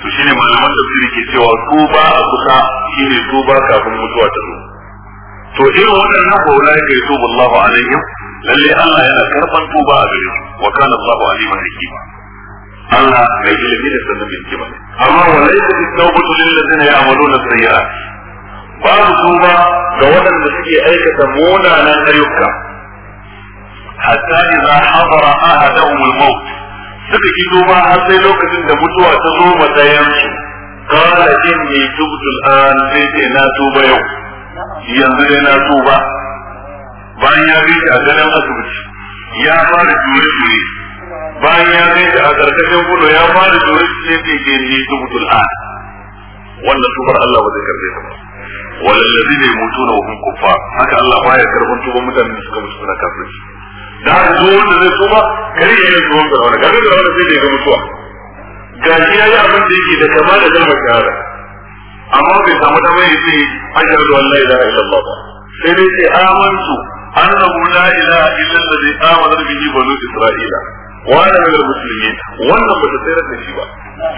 to shine malaman tafsiri ke cewa tuba a kusa shine tuba kafin mutuwa ta zo to irin waɗannan haulai kai tuba Allah alaihim lalle Allah yana karban tuba a gare su wa kana Allah aliman hakima Allah mai ilimi da sanin hikima amma walaysa at-tawbatu lil ladina ya'maluna sayyi'at babu tuba ga waɗanda suke aikata munanan ayyuka hatta idza hadara ahadahum al-maut suka fito ma har sai lokacin da mutuwa ta zo matsayin su qala inni tubtu al-an na tuba yau yanzu dai na tuba bayan ya rike a ganin asibiti ya fara jure jure bayan ya rike a karkashin kudu ya fara jure jure sai ce ni tubtu wannan tubar Allah ba zai karbe ta ba walallazina yamutuna wa hum kuffar haka Allah baya karban tuban mutanen da suka mutu suna kafirci da har zo wanda zai tuba kare ya yi tuwon da wani gabe da wani sai da ya ga mutuwa ga shi ya yi abin da yake da kama da kalmar shahada amma bai samu dama ya ce ashar da wallahi la ilaha illallah ba sai dai ce amantu annahu la ilaha illa allazi amana bihi banu isra'ila wa ana min al wannan ba ta tsayar da shi ba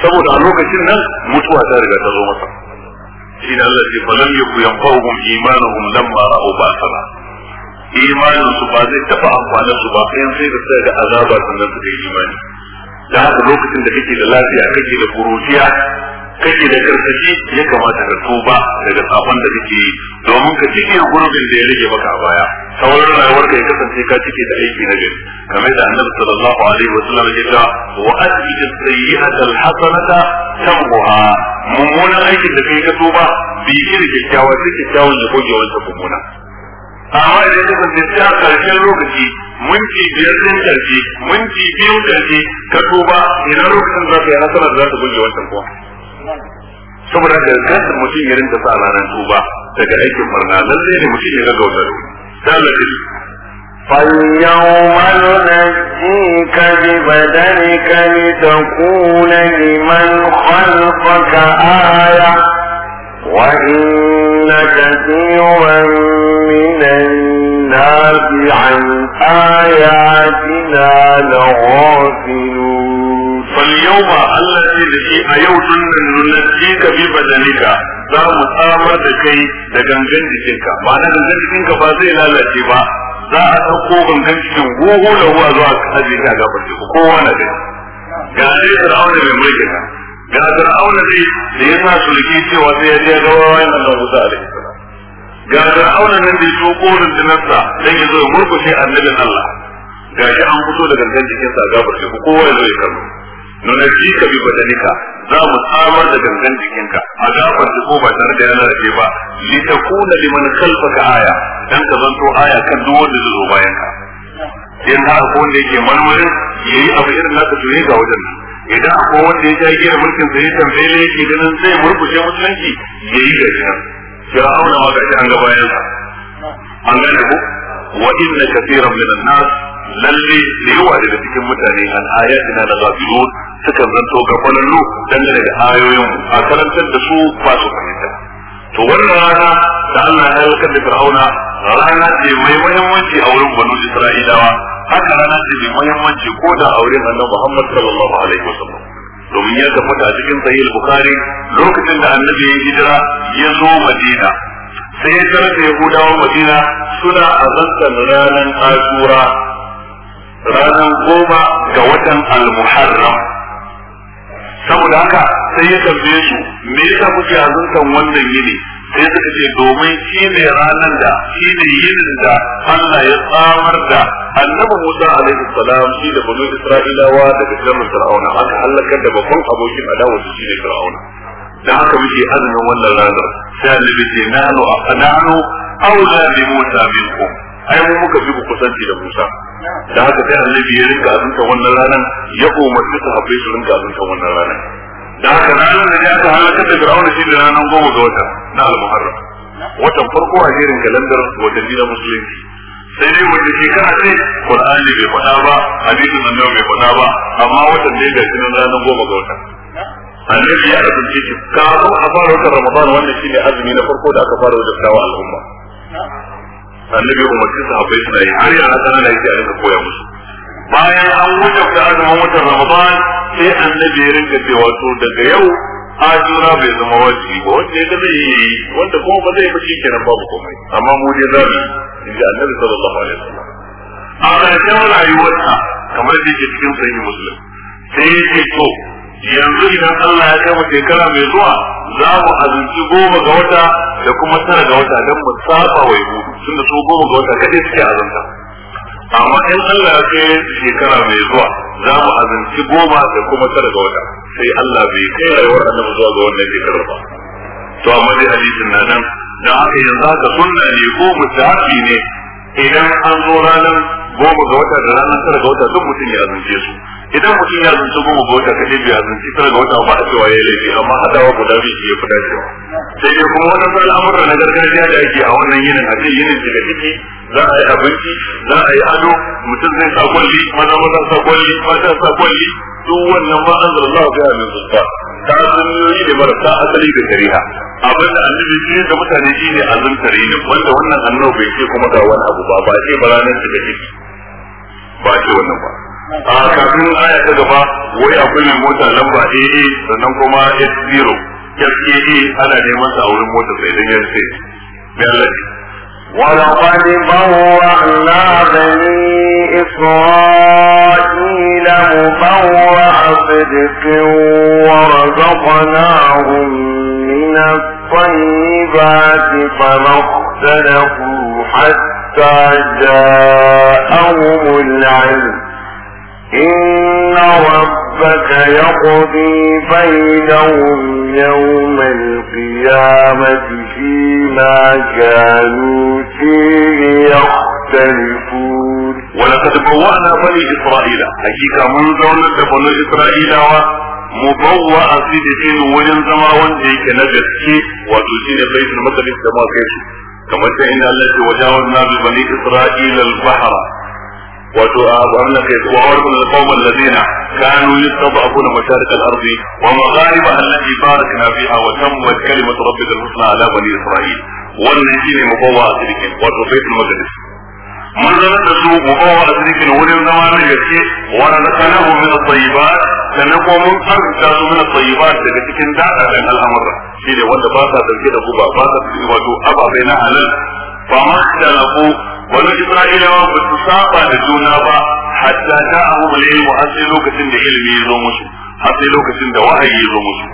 saboda a lokacin nan mutuwa ta riga ta zo masa shi ne Allah ce falam yaku yanfa'uhum imanuhum lamma ra'u ba'sana imanin su ba zai taba amfanin su ba kayan sai da sai da azaba sannan su kai imani da haka lokacin da kake da lafiya kake da kuruciya kake da karsashi ya kamata ka tuba daga sabon da kake yi domin ka cike gurbin da ya rage maka a baya sauran rayuwar ka ya kasance ka cike da aiki na gari kamar da annabi sallallahu alaihi wa sallam ya ce wa asbid sayyi'ata alhasanata tambuha mummunan aikin da kai ka tuba bi shi da kyakkyawa sai kyakkyawan ya goge wancan mummuna amma idan ka kasance ta karshen lokaci minti biyar din karshe minti biyu karshe ka tuba ina lokacin za ka yi nasarar za ta wancan kuwa saboda da kasar mutum ya rinka sa ranar tuba daga aikin murna lalle ne mutum ya فاليوم ننجيك ببدنك لتكون لمن آية وإن كثيرا الناس عن آياتنا لغافلون فاليوم الذي لشيء أيوتن ننسيك ببدنك za mu samar da kai da gangan jikinka ba na gangan jikinka ba zai lalace ba za a ɗauko gangan cikin gogo da ruwa zuwa aje ka ga barci kowa na dai ga dai fir'auna mai mulki ka ga fir'auna dai da ya sa sulki cewa sai ya je ga wawayen Allah Musa alaihi ga fir'auna nan da ya korin rundunarsa dan ya zo ya murkushe annabin Allah ga shi an fito da gangan jikinsa a gabar ku kowa ya zo ya kallo nuna ji ka bi badanika za mu samar da gangan jikinka a gabar ko ba tare da yanar rage ba li takuna liman khalfaka aya dan ka zanto aya kan duk wanda zai zo bayan ka in har ko wanda yake marmarin yayi abu irin naka to ga wajen idan akwai wanda ya ja gira mulkin sai tambaye yake ganin zai murkushe musulunci yayi ga jikinsa fir'auna ma gashi an ga bayan sa an gane ko wa inna kaseeran min an-nas lalle da yawa daga cikin mutane an ayatina la ghafilun suka zanto gafalallu dangane da ayoyin a karantar da su ba su fahimta to wannan rana da Allah ya halakar da fir'auna rana ce mai muhimmanci a wurin banu isra'ilawa haka rana ce mai muhimmanci ko da a wurin annabi Muhammad alaihi domin ya tabbata a cikin sahih bukhari lokacin da annabi ya hijira ya zo madina sai ya tarar da yahudawan madina suna azantar ranar asura, ranar goma ga watan al-muharram saboda haka sai ya tambaye su me yasa kuke azantar wannan yini sai suka ce domin shi ne ranar da shi ne yinin da Allah ya tsamar da annabi Musa alaihi salam shi da banu Isra'ilawa daga sharrin Fir'auna aka halakar da babban abokin adawar shi ne Fir'auna da haka muke azumin wannan ranar sai annabi ce nanu aqnanu aula bi Musa minkum ai mu muka fi kusanci da Musa da haka sai annabi ya rinka azumta wannan ranar ya umarci sahabbai su rinka azumta wannan ranar da haka ranar da ya aka halakar da fir'auna shi da ranar goma ga wata na al-muharram watan farko a jerin kalandar wajen na musulunci sai dai wata shekara ce qur'ani bai faɗa ba hadisin annabi bai faɗa ba amma watan ne ga cikin ranar goma ga wata annabi ya kasance shi kafin a fara watan ramadan wannan ne azumi na farko da aka fara wajabtawa al'umma annabi umarci su sahabbai na yi har yana tsana da yake a rinka koya musu bayan an wajabta azumin watan ramadan sai annabi ya rinka cewa to daga yau ajura bai zama wajibi ba wanda ya zai yi wanda kuma ba zai fashi kenan babu komai amma mu dai za mu yi inda annabi sallallahu alaihi wasallam a ƙarshen rayuwarsa kamar da yake cikin sahihi muslim sai ya ce to yanzu idan Allah ya kai shekara mai zuwa za mu azumci goma ga wata da kuma tara ga wata don mu saba wa yahudu tunda su goma ga wata kaɗai suke azanta amma in Allah ya kai shekara mai zuwa za mu azanci goma da kuma tara ga wata sai Allah bai kai rayuwar annabi zuwa ga wannan shekara ba to amma dai hadisin nan da haka yanzu ka sunna ne ko mutafi ne idan an zo ranar goma ga wata da ranar tara ga wata duk mutum ya azance su idan mutum ya zance goma ga wata kaɗai biya zance tara ga wata ba a cewa ya laifi amma hadawa guda biyu ke ya fi dacewa sai dai kuma wannan sai al'amuran na gargajiya da ake a wannan yinin a ce yinin daga ciki za a yi abinci za a yi ado mutum zai sa kwalli maza maza sa kwalli mata sa kwalli duk wannan ma an zalla ga ya min zuwa ta hanyoyi da marasa asali da shari'a abin da annabi shi da mutane shi ne azumtare ne wanda wannan annabi bai ce kuma ga wani abu ba ba ce ba ranar da ciki ba ce wannan ba a kafin aya ta gaba wai akwai mai mota lamba AA sannan kuma S0 SAA ana neman sa a wurin mota sai dan yarfe billahi ولقد بوأنا بني إسرائيل مبوأ صدق ورزقناهم من الطيبات فما اختلفوا حتى جاءهم العلم إن ربك يقضي بينهم يوم القيامة فيما كانوا فيه يختلفون ولقد بوأنا بني إسرائيل حقيقة من زونة بني إسرائيل مبوأ سيدتين ولن زما وانجي كنجد كي وتوشين بيت المقدس كما كيش كما إن الله وجاوزنا ببني إسرائيل البحر wato a wannan kai wa warkun alqawm alladhina kanu yastad'afuna masharik al-ard wa magharibaha allati barakna fiha wa tammat kalimatu rabbika al-husna ala bani isra'il wannan shine mubawa a cikin wato baitul maqdis mun zama da su mubawa a cikin wurin zama na gaske wa razaqnahu min at-tayyibat sannan kuma mun arzuta su min at-tayyibat daga cikin dada dan al'amura shine wanda ba sa dauke da guba ba sa wato ababai na halal fa ma talafu wani isra'ilawa ba su saba da juna ba hatta ta abu ilmu har sai lokacin da ilimi ya zo musu har sai lokacin da wahayi ya zo musu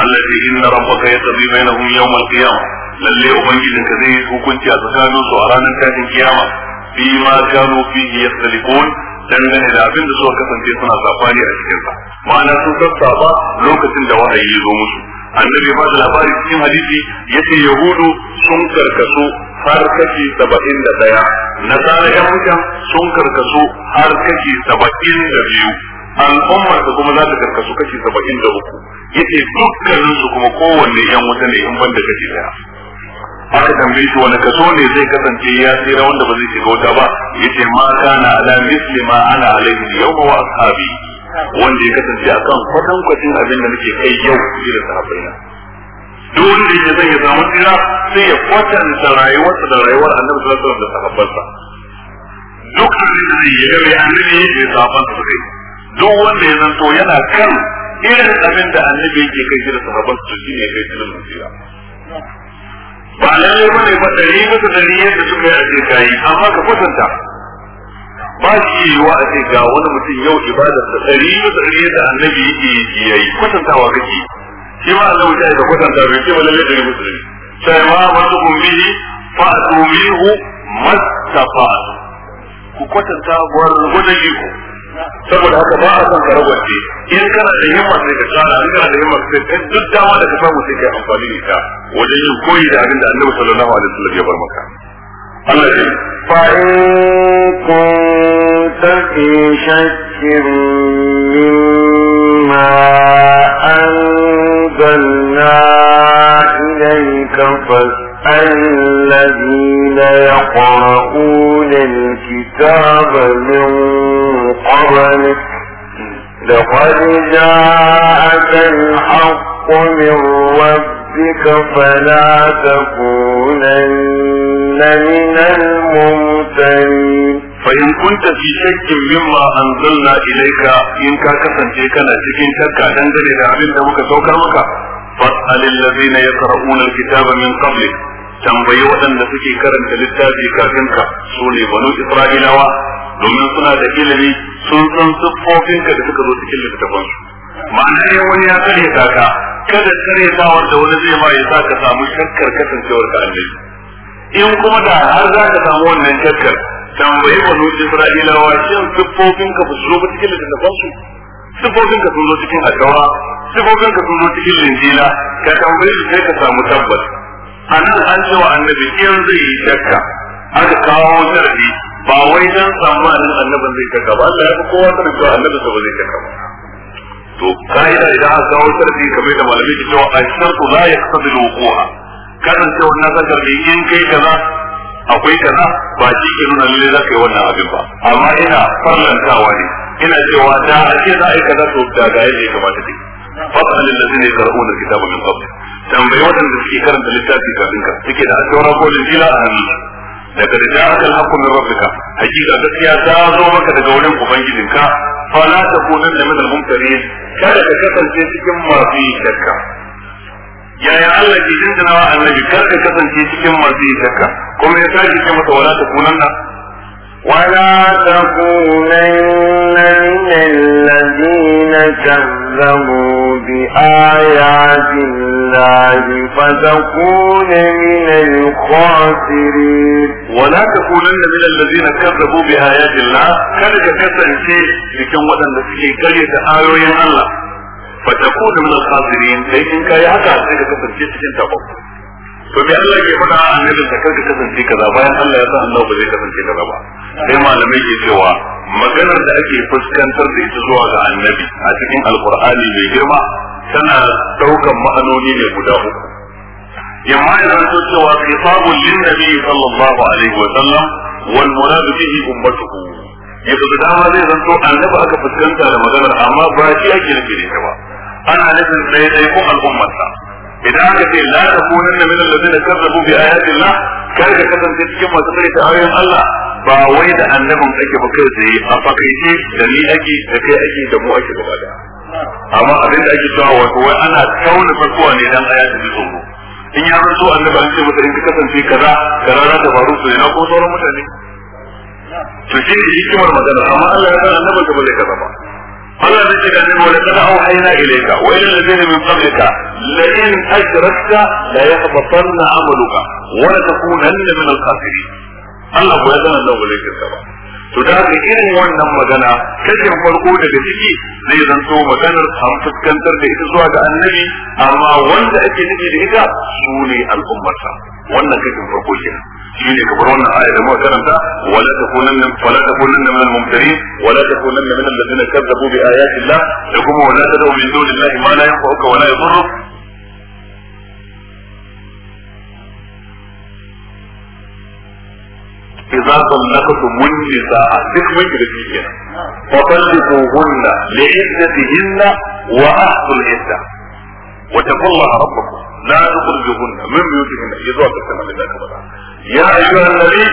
allazi inna rabbaka yaqdi bainahum yawm al-qiyamah lalle ubangijin ka zai hukunci a tsakanin su a ranar tashin kiyama fi ma kanu fihi dangane da abin da suka kasance suna safari a cikin sa ma'ana sun sassaba lokacin da wahayi ya zo musu annabi ba da labari cikin hadisi yace yahudu sun karkasu har kashi saba'in da daya nasara yan mutan sun karkasu har kashi saba'in da biyu al'ummar da kuma za ta karkasu kashi saba'in da uku yace dukkanin su kuma kowanne yan wuta ne in banda kashi daya aka tambaye shi wani kaso ne zai kasance ya tsira wanda ba zai shiga wuta ba yace ma kana ala misli ma ana alaihi yawma wa ashabi wanda ya kasance kan kwatan kwatin abin da muke kai yau shi da sahabbai na duk wanda ya zai ya samu tsira sai ya kwatanta rayuwarsa da rayuwar annabi sallallahu alaihi wasallam da sahabbansa duk abin da zai yi ya annabi ya sahabban su kai duk wanda ya zanto yana kan irin abin da annabi yake kai jira da sahabban su shine ya kai cikin tsira ba lalle bane ba dari bisa dari yadda suka yi a yi, amma ka kwatanta ba shi yiwuwa a ce ga wani mutum yau ibadar da ɗari da ɗari da annabi yake yi kwatantawa kake shi ma Allah ya ce kwatanta bai ce ba lalle ɗari musulmi sai ma wasu kumbihi fa'atu Mihu mastafa ku kwatanta gwargwadon iko saboda haka ba a son ka ragwace in kana da himma sai ka tsara in kana da himma sai ka duk dama da ka samu sai ka amfani da ita wajen yin koyi da abin da Annabi sallallahu alaihi wasallam ya bar maka فإن كنت في مما أنزلنا إليك فاسأل الذين يقرؤون الكتاب من قبلك لقد جاءك الحق من ربك ربك فلا تكونن من الممتنين فإن كنت في شك مما أنزلنا إليك إن كاكسا كان شكين شكا تنزل إلى عبد مك سوكر مك فاسأل الذين يقرؤون الكتاب من قبلك tambayi waɗanda suke karanta littafi kafinka su ne banu isra'ilawa domin suna da ilimi sun san siffofinka da suka zo cikin littafansu ma'ana wani ya kare ka kada kare ta wanda wani zai ma ya ka samu shakkar kasancewar ka annabi in kuma da har za ka samu wannan shakkar tambayi banu isra'ilawa shin siffofin ka ba su zo ba cikin littattafan su siffofin ka sun zo cikin adawa siffofin ka sun zo cikin linjila ka tambayi su sai ka samu tabbas a nan an cewa annabi in zai yi shakka aka kawo sharadi ba wai dan samu annabi zai shakka ba Allah ya fi kowa sanin cewa annabi ba zai shakka ba to ka'ida idan aka kawo sharadi kamar da malamai ke cewa ashartu la yaqtadi hukuma. wuqua karan na wannan sharadi in kai kaza akwai kaza ba shi ke nuna lalle za ka yi wannan abin ba amma ina farlantawa ne ina cewa da a ce za a yi kaza to da ga yadda ya kamata dai fasal allazina yaqra'una kitaba min qabl tambayi wadanda suke karanta littafi kafin ka suke da asawara ko linjila a hannu daga da ja'aka al min rabbika hakika gaskiya ta zo maka daga wurin ubangijinka fala takunan da al mumtarin kada ka kasance cikin masu shakka yaya Allah ke wa annabi kar ka kasance cikin masu shakka kuma ya sake ce masa wala takunan ولا تكونن من الذين كذبوا بآيات الله فتكون من الخاسرين ولا تكونن من الذين كذبوا بآيات الله كذلك كسرتي لكم ودن لسكي كريت آيوين الله فتكون من الخاسرين لكن كي حكا سيكا كسرتي سيكين تقوم to me Allah ke faɗa a annabin da kanka kasance kaza bayan Allah ya sa Allah ba zai kasance kaza ba sai malamai ke cewa maganar da ake fuskantar da ita zuwa ga annabi a cikin alkur'ani mai girma tana daukan ma'anoni ne guda uku yamma ya zanto cewa kitabun lin nabi sallallahu alaihi wa sallam wal murad bihi ummatuhu ya da dama zai zanto annabi aka fuskanta da maganar amma ba shi ake nufi da ita ba ana nufin ɗaya ɗaya ko al'ummarsa idan aka ce la takunan min alladhina kazzabu bi ayati Allah kar ka kasance cikin masu kai ta ayoyin Allah ba wai da annabin ake ba kai tsaye a fakaice da ni ake da kai ake da mu ake gaba da. amma abin da ake cewa wato wai ana kauna farkowa ne dan aya ta tsoro in ya zanto annabi an ce masa in ka kasance kaza kaza za ta faru su yana ko sauran mutane to shi ne hikimar magana amma Allah ya san annabin ka ba zai kaza ba فلا نجد ان ولدنا اوحينا اليك والى الذين من قبلك لئن اشركت ليحبطن عملك ولتكونن من الخاسرين. الله ولدنا لو اليك الكبر. to da haka irin wannan magana kashin farko daga ciki zai zanto maganar an fuskantar da ita zuwa ga annabi amma wanda ake nufi da ita su ne al'ummarsa wannan kashin farko ke kenan shine kamar wannan aya da muka karanta wala takunanna wala takunanna min al-mumtarin wala takunanna min alladhina kazzabu bi ayati llah da kuma wala tad'u min dunillahi ma la yanfa'uka wa la yadhurruk إذا طلقتم النساء تك من جلبية فطلقوهن لعدتهن وأحصل العدة واتقوا الله ربكم لا تخرجوهن من بيوتهن يزور تسمى لذلك بدا يا أيها النبي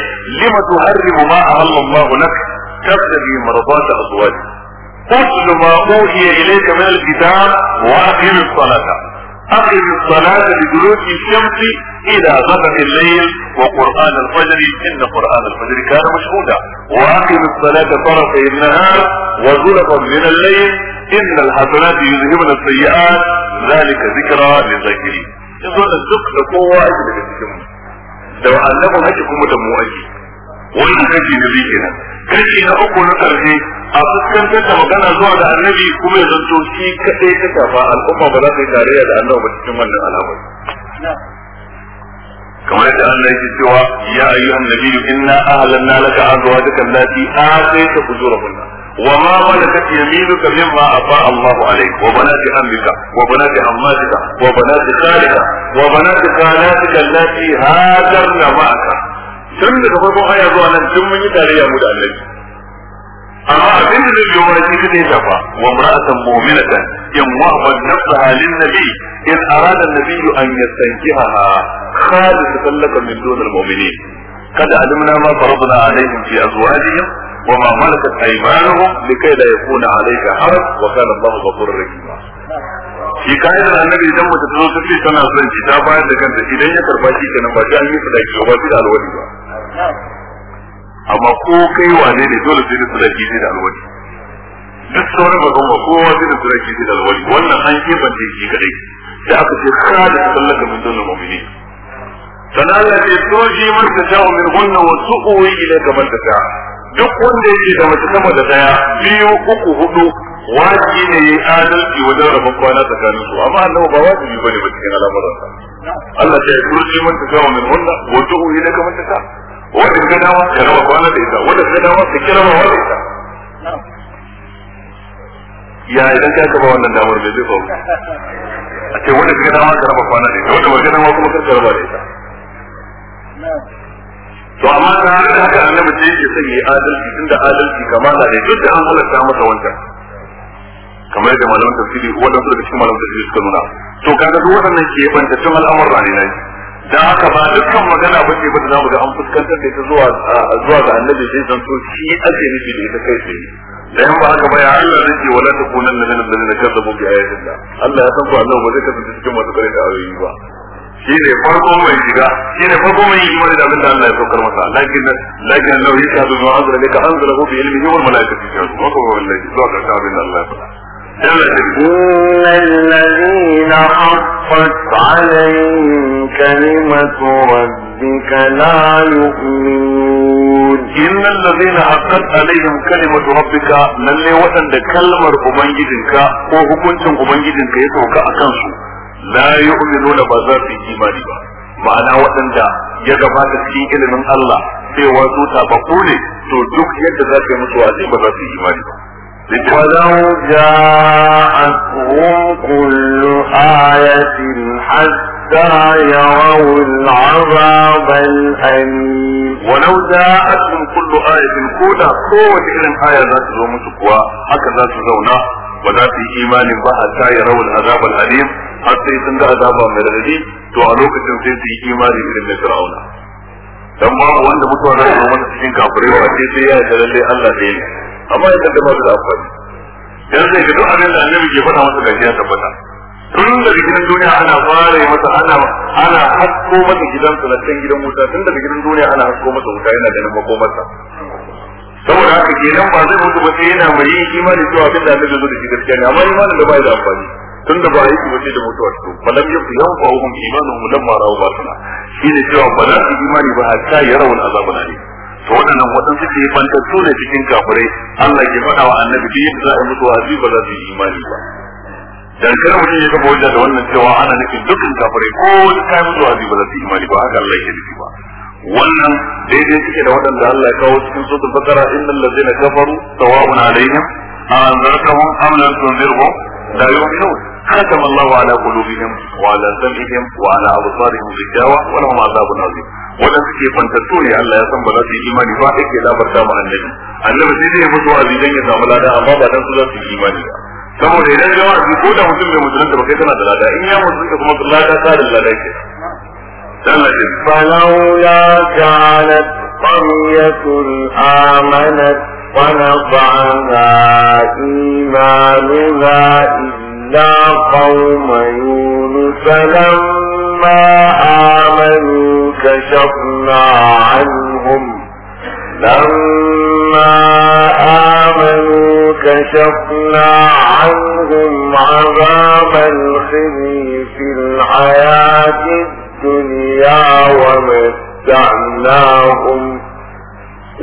لم تهرب ما أحل الله لك تبتغي مرضات أزواجك قتل ما أوحي إليك من الكتاب وأقم الصلاة أقم الصلاة لدلوك الشمس إلى غسق الليل وقرآن الفجر إن قرآن الفجر كان مشهودا وأقم الصلاة طرفي النهار وزلفا من الليل إن الحسنات يذهبن السيئات ذلك ذكرى للذاكرين yanzu الزك duk da kowa yake daga cikin mu da wa'annan mu ake kuma da mu ake a fuskantar da magana zuwa da annabi kuma ya zanto shi kaɗai ta shafa al'umma ba za ta yi tarayya da annabi ba cikin wannan al'amari kamar yadda Allah yake cewa ya ayyuhan nabiyyu inna ahlanna laka azwajaka allati atayta ujurahunna وما ملكت يمينك مما أفاء wa عليك وبنات أمك وبنات عماتك وبنات خالك وبنات خالاتك التي هاجرن Tun كم نتفقوا aya zuwa nan tun mun yi tarayya mu da annabi amma abin da zai biyo ba shi kadai shafa wa mar'atan mu'minatan in wahaba nafsaha lin nabi in arada an-nabi an yastankiha khalisatan laka min dunil mu'minin kada alimna ma farabna alaihim fi azwajihim وما ملكت ايمانهم لكي لا يكون عليك حرج وكان الله غفورا رحيما shi ka'idar annabi idan mace ta zo ta ce tana son shi ta bayar da kanta idan ya karba shi kenan ba ta yi fada ki ba ta alwali ba amma ko kai wane ne dole sai da tsiraki sai da alwali duk sauran ba kuma kowa sai da tsiraki sai da alwali wannan an kebance shi kadai da aka ce kada ka sallaka min dole mu'mini sana Allah ce soji man ta ta'u min hunna wa su'u ila gaban da ta duk wanda yake da mace sama da daya biyu uku hudu wajibi ne yayi adalci wajen rabon kwana tsakanin su amma annabi ba wajibi bane ba cikin al'amuransa Allah ya yi turji man ta ta'u min hunna wa su'u ila gaban da ta wanda suka dawa ya raba kwana da ita wanda suka dawa su kira ma wanda ita ya idan ka gaba wannan damar bai zai faru a ce wanda suka dawa ka raba kwana da ita wanda wajen dawa kuma karka raba da ita to amma ta haka haka annabi sai yake son yayi adalci tunda adalci kamala ne duk da an halatta masa wancan kamar da malaman tafsiri wadansu daga cikin malaman tafsiri suka nuna to kaga duk waɗannan ke bantaccen al'amuran ne na yi dan haka ba dukkan magana bace ba da zamu ga an fuskantar da ita zuwa zuwa ga annabi sai san to shi ake nufi da ita kai tsaye dan ba haka ba ya Allah zai ce wala takunan min alladhina kazzabu bi ayatillah Allah ya san ko Allah ba zai kasance cikin masu kare da ayoyi ba shi ne farko mai shiga shi ne farko mai imani da abin da Allah ya saukar masa lakin lakin Allah ya shaɗu ma'azara laka anzala hu bi ilmihi wal malaikatu yashhadu wa huwa wallahi zuwa ga abin da Allah ya faɗa إن الذين حقت عليهم كلمة ربك لا يؤمنون إن الذين حقت عليهم كلمة ربك للي وطن كلمة أبنجدك وهكونت أبنجدك يتوك أكنسو لا يؤمنون بذات الإيمان ma'ana waɗanda ya gabata cikin ilimin Allah cewa su tabakku ne to duk yadda za ka yi musu wa'azi ba za su yi imani ba ولو جاءتهم كل آية حتى يروا العذاب الأليم ولو جاءتهم كل آية كلها كود إلى آية ذات زوم سكوا هكذا تزونا في إيمان بها حتى يروا العذاب الأليم حتى يتم عذاب من الذي تعلوك في إيمان إلى فرعون لما هو wanda mutuwa zai zo mana cikin kafirai ba sai sai ya amma ya kanta ba da amfani yanzu zai ga duk abin da annabi ke faɗa masa gashi ya tabbata tun da gidan duniya ana fara masa ana ana hasko masa gidan sanatan can gidan wuta tun da gidan duniya ana hasko masa wuta yana ganin makomarsa saboda haka kenan ba zai mutu ba sai yana mai yin imani cewa abin da annabi zo da gaskiya ne amma imanin da ba ya da amfani tun da ba a yi ba sai da mutuwar su falam yaku yanfa'uhum imanuhum lamma suna. Shi ne cewa ba za su imani ba a hatta azabu na ne. to waɗannan waɗansu ke bantattu ne cikin kafirai Allah ke faɗa wa annabi duk yadda za a yi mutu wa'azi ba za su yi imani ba dan kar mutum ya kafa hujja da wannan cewa ana nufin dukkan kafirai ko wani kayan mutu wa'azi ba za su yi imani ba haka Allah ke nufi ba wannan daidai suke da waɗanda Allah ya kawo cikin suratul bakara innal ladzina kafaru sawa'un alaihim a anzartahum am lam tunzirhum la yu'minun ختم الله على قلوبهم وعلى سمعهم وعلى ابصارهم ولهم عذاب عظيم wannan suke fantattu ne Allah ya san ba za su yi imani ba ake labarta mu annabi annabi sai zai mutu a zidan ya samu lada amma ba dan su za su yi imani ba saboda idan jama'a su ko da mutum mai musulunta ba kai tana da lada in ya musulunta kuma lada ta da lada ke فلولا كانت قرية آمنت ونفعها إيمانها إذ إلا قوم يونس لما آمنوا كشفنا عنهم لما آمنوا كشفنا عنهم عذاب الخزي في الحياة الدنيا ومتعناهم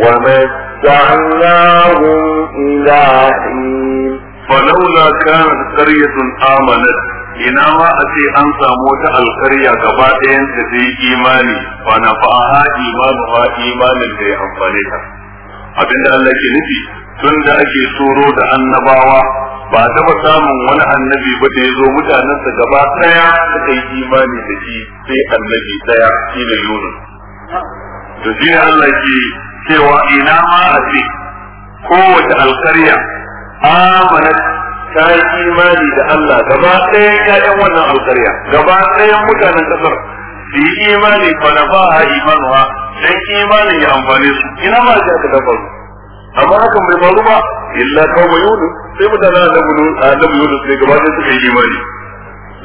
ومتعناهم إلى حين falaula kanat qaryatun amanat ina ma a an samu wata alkarya gaba ɗayan ta yi imani fa na fa'a imanu ha imanin da ya amfane ta abinda Allah ke nufi tun da ake tsoro da annabawa ba taɓa samun wani annabi ba da ya zo mutanensa gaba ɗaya suka yi imani da shi sai annabi ɗaya shi ne Yunus to Allah ke cewa ina ma a kowace alkarya amanat ta yi imani da Allah gaba ɗaya ƴaƴan wannan alƙarya gaba ɗayan mutanen ƙasar su yi imani bana na ba a imanuwa dan imanin ya amfane su ina ma za ka dafa su amma hakan bai faru ba illa kawai yunus sai mutanen annabi yunus sai gaba ɗaya suka yi imani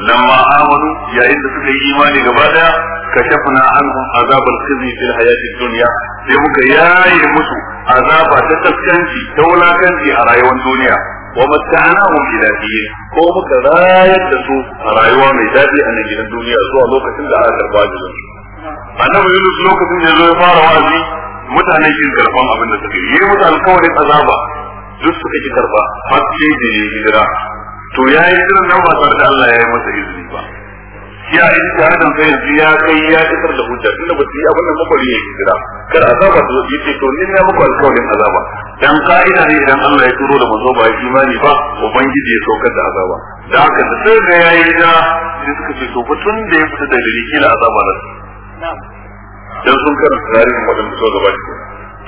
لما آمنوا يا إن سكي إيماني قبالا كشفنا عنهم عذاب الخزي في الحياة الدنيا يبقى يا musu. azaba ta taskanci ta wulakanci a rayuwar duniya wa mu ila fiye ko muka rayar da su a rayuwa mai daɗi a nan gidan duniya zuwa lokacin da aka karba da su annabi Yunus lokacin da zai fara wazi mutane ke karban abin da suka yi musu alƙawarin azaba duk suka ki karba har sai da ya hijira to yayi da nan ba tare da Allah ya yi masa izini ba ya yi shahadan sai yanzu ya kai ya isar da hujja tunda ba su yi abin da mafari ya kira kar azaba su yi ce to ni na muku alƙawarin azaba dan ka'ida ne idan Allah ya turo da mazo ba ya imani ba ubangiji ya saukar da azaba da haka da sai da yayi da sai suka ce to tun da ya fita da dare na azaba nan dan sun karanta tarihin wadanda suka gabata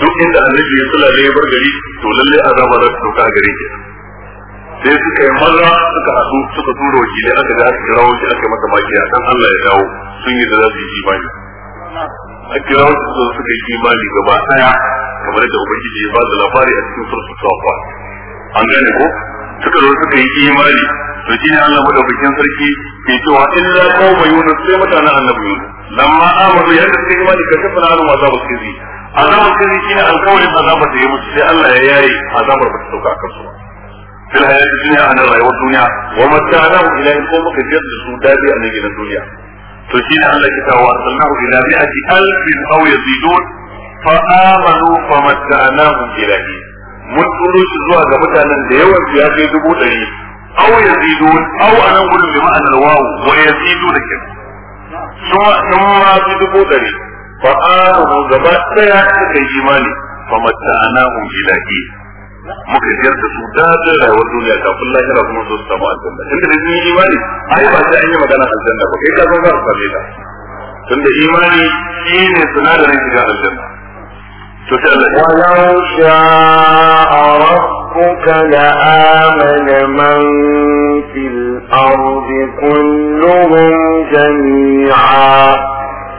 duk inda annabi ya sula ne ya bar gari to lalle azaba za ta sauka a gare shi. sai suka yi maza suka haɗu suka tura wakilai aka ga aka kira wakil aka masa maki a kan Allah ya dawo sun yi da za su yi imani a kira wakil su suka yi imani gaba ɗaya kamar da ubangiji ya ba da labari a cikin sursu safa an gane ko suka zo suka yi imani to ne Allah madaukakin sarki ke cewa illa mai yunus sai mutanen annabi yunus lamma amanu ya da suka imani ka tafana za mu kizi azabu kizi shine alƙawarin azabar da ya mutu sai Allah ya yaye azabar ba ta sauka a kansu ba fil hayati dunya an rayuwar duniya wa mata'ahu ila in ko muka jiyar da su dadi a nan duniya to shi ne Allah ke tawa sallahu ila mi'ati alfin aw yazidun fa amanu fa mata'ahu ila mun turo shi zuwa ga mutanen da yawan ya kai dubu ɗari aw yazidun aw anan gudun bi ma'anar wawu kenan ma dubu ɗari gaba ɗaya fa muka jiyar da su dadin rayuwar duniya kafin lahira kuma su samu aljanna tunda da sun yi imani ai ba sai an yi magana aljanna ba kai ka zo za su same ta tunda imani shi ne sinadarin shiga aljanna to sai Allah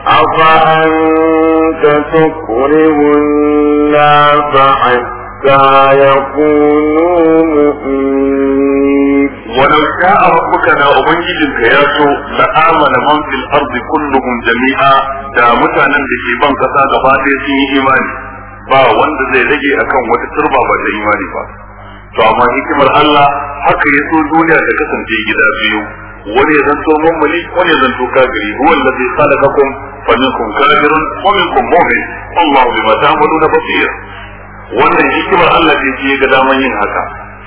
أفأنت تكره الناس حتى حتى يكونوا مؤمنين ولو شاء ربك لا أبنجد الكياسو لآمن من في الأرض كلهم جميعا دا متعنا لكي بانكسا دفاتي في إيماني با وند زي لجي أكم وتتربى بعد إيماني با to amma hikimar Allah haka ya so duniya ta kasance gida biyu wani ya zanto mummuni wani ya zanto kafiri huwa allazi khalaqakum fa minkum kafirun wa wannan hikimar Allah ke ke ga daman yin haka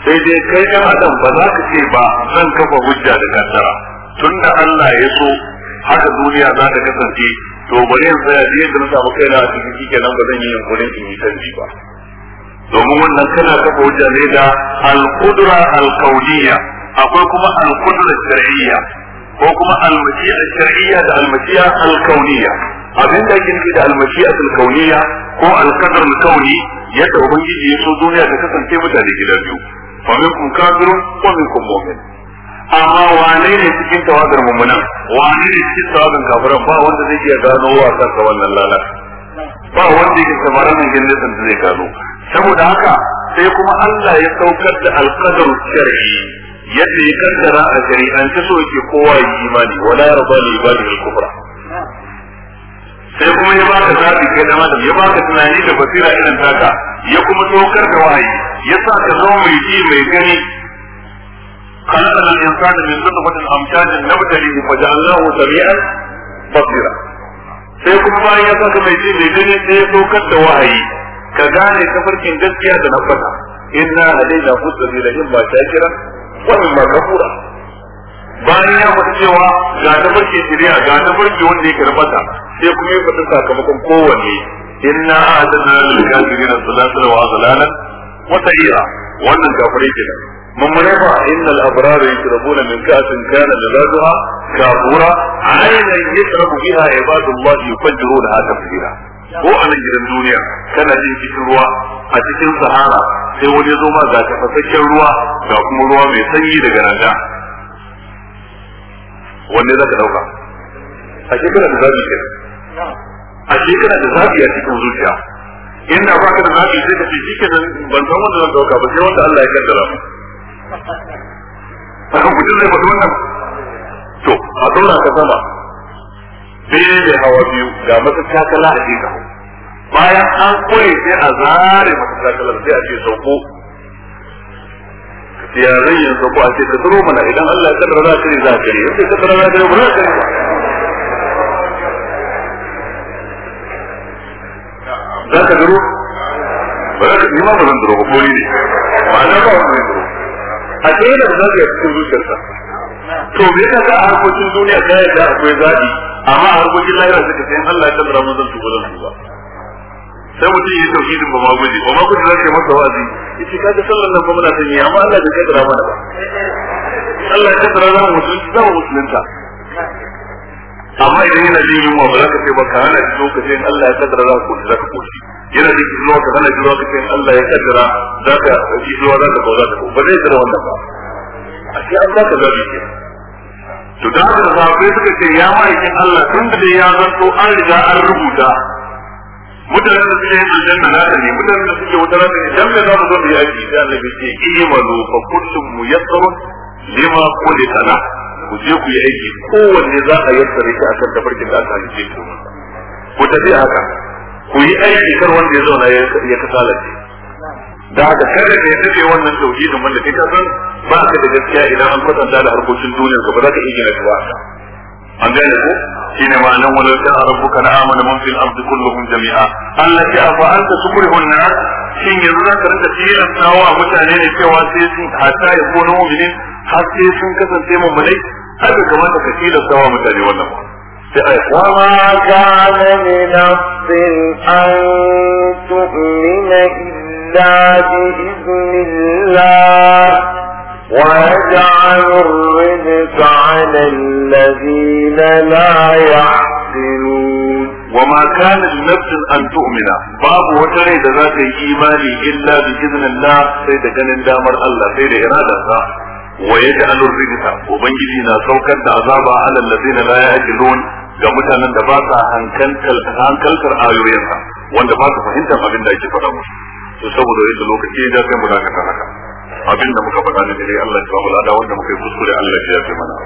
sai dai kai dan adam ba za ka ce ba zan kafa hujja da tun tunda Allah ya so haka duniya za ta kasance to bari in tsaya da yadda na samu kaina a cikin nan ba zan yi yunkurin in yi tarbi ba domin wannan kana kafa hujja ne da al-qudra al qawliya akwai kuma al-qudra shar'iyya ko kuma al-mashi'a shar'iyya da al-mashi'a al-kauniyya abin da yake nufi da almashi'atul kauniyya ko alqadar kauni yadda ubangiji ya so duniya ta kasance mutane gida biyu fa minkum kafirun wa minkum mu'min amma wane ne cikin tawagar mummunan wane ne cikin tawagar kafiran ba wanda zai iya gano wa kansa wannan lalata ba wanda yake samarar nan gindin da zai gano saboda haka sai kuma Allah ya saukar da alqadar shar'i yadda ya kaddara a shari'ance so yake kowa ya yi imani wala yarda li ibadihi al-kufra sai kuma ya baka zabi kai da malam, ya baka tunani da basira irin taka ya kuma dokar da wahayi ya sa ka zo mai ji mai gani خلقنا الإنسان من نطفة أمشاج نبتليه فجعلناه سميعا بصيرا sai kuma bayan ya saka mai ji mai gani sai ya dokar da wahayi ka gane kafarkin gaskiya da na fata inna hadaina fusta bi rahim ba shakira wa mimma kafura bayan ya faɗi cewa ga na farke shirya ga na farke wanda yake rabata sai kuma ya faɗi sakamakon kowanne inna a'adna lil kafirina salatan wa azlalan wa sa'ira wannan kafirai kenan mummune ba innal abrar yashrabuna min ka'sin kana lazaha kafura ayna yashrabu biha ibadullah yufajjiruna hada fira ko a nan gidan duniya kana jin cikin ruwa a cikin sahara sai wani zo ma ga tafasasshen ruwa ga kuma ruwa mai sanyi daga rana. wanne za ka dauka a shekara da zabi ke a shekara da zabi a cikin zuciya inda ba ka da zabi sai ka ce shikenan ban san wanda zan dauka ba sai wanda Allah ya kaddara mu haka mutum zai mutu wannan to a zauna ka sama bai da hawa biyu ga matattakala a jika bayan an kure sai a zare matattakala sai a ce sauko ya zai yin sako a ce ka tsoro mana idan Allah ya kaddara za ka yi za ka yi sai kaddara za ka yi ba za ka yi ba za ka duro ba za ka yi ma ba zan duro ba ko ne ba na ba wani duro a ce yana za ka yi cikin zuciyarsa to me yasa ka a harkokin duniya ka yadda akwai zaɓi amma a harkokin lahira suka sai Allah ya kaddara mun zan tuba zan tuba sai mutum ya yi tauhidin ba ma guje ba ma guje za ka yi masa wa'azi yace kaga sallar nan ba muna son yi amma Allah bai kaddara mana ba Allah ya kaddara mana musulunci za mu musulunta amma idan yana jin yunwa ba za ka ce ba ka hana shi lokacin Allah ya kaddara za ka koshi za ka koshi yana jin yunwa ka hana shi lokacin Allah ya kaddara za ka yi zuwa za ka kawo za ka ba zai tsira wannan ba a ce an za ka zabi ke to da haka da sahabbai suka ce ya ma'aikin Allah tun da ya zanto an riga an rubuta mutanen da suke yin aljanna na ne mutanen da suke wutar da ne dan me za mu zo mu yi aiki da annabi ce imalu fa kullum muyassarun lima kulika la ku je ku yi aiki kowanne za a yassare shi akan tafarkin da aka yi halice ku ku tafi haka ku yi aiki kar wanda ya zauna ya kasalace da haka kada ka yi kai wannan tauhidin wanda kai ka san ba ka da gaskiya idan an kwatanta da harkokin duniya ba za ka iya gina ba an gane ko shine ma'anan wala ta rabbuka na amana man fil ardi kulluhum jami'a Allah ya afa anta tukrihun nas shin yanzu zaka rinka tilastawa mutane ne cewa sai sun hata ya ko mu'minin har sai sun kasance mu mulai har da kamata ka tilastawa mutane wannan وما كان لنفس أن تؤمن إلا بإذن الله ويجعل الرزق على الذين لا يعقلون وما كان لنفس أن تؤمن باب وتري ذات الإيمان إلا بإذن الله سيد جنن دامر الله سيد إرادة الله ويجعل الرزق وبنجينا سوكا عذاب على الذين لا يعقلون ga mutanen da ba sa hankaltar ayoyinsa wanda ba su fahimtar abin da ake faɗa musu to saboda yadda lokaci ya ja sai mu dakata haka abinda da muka faɗa da dai Allah ya ba mu lada wanda muka yi kuskure Allah ya yafe mana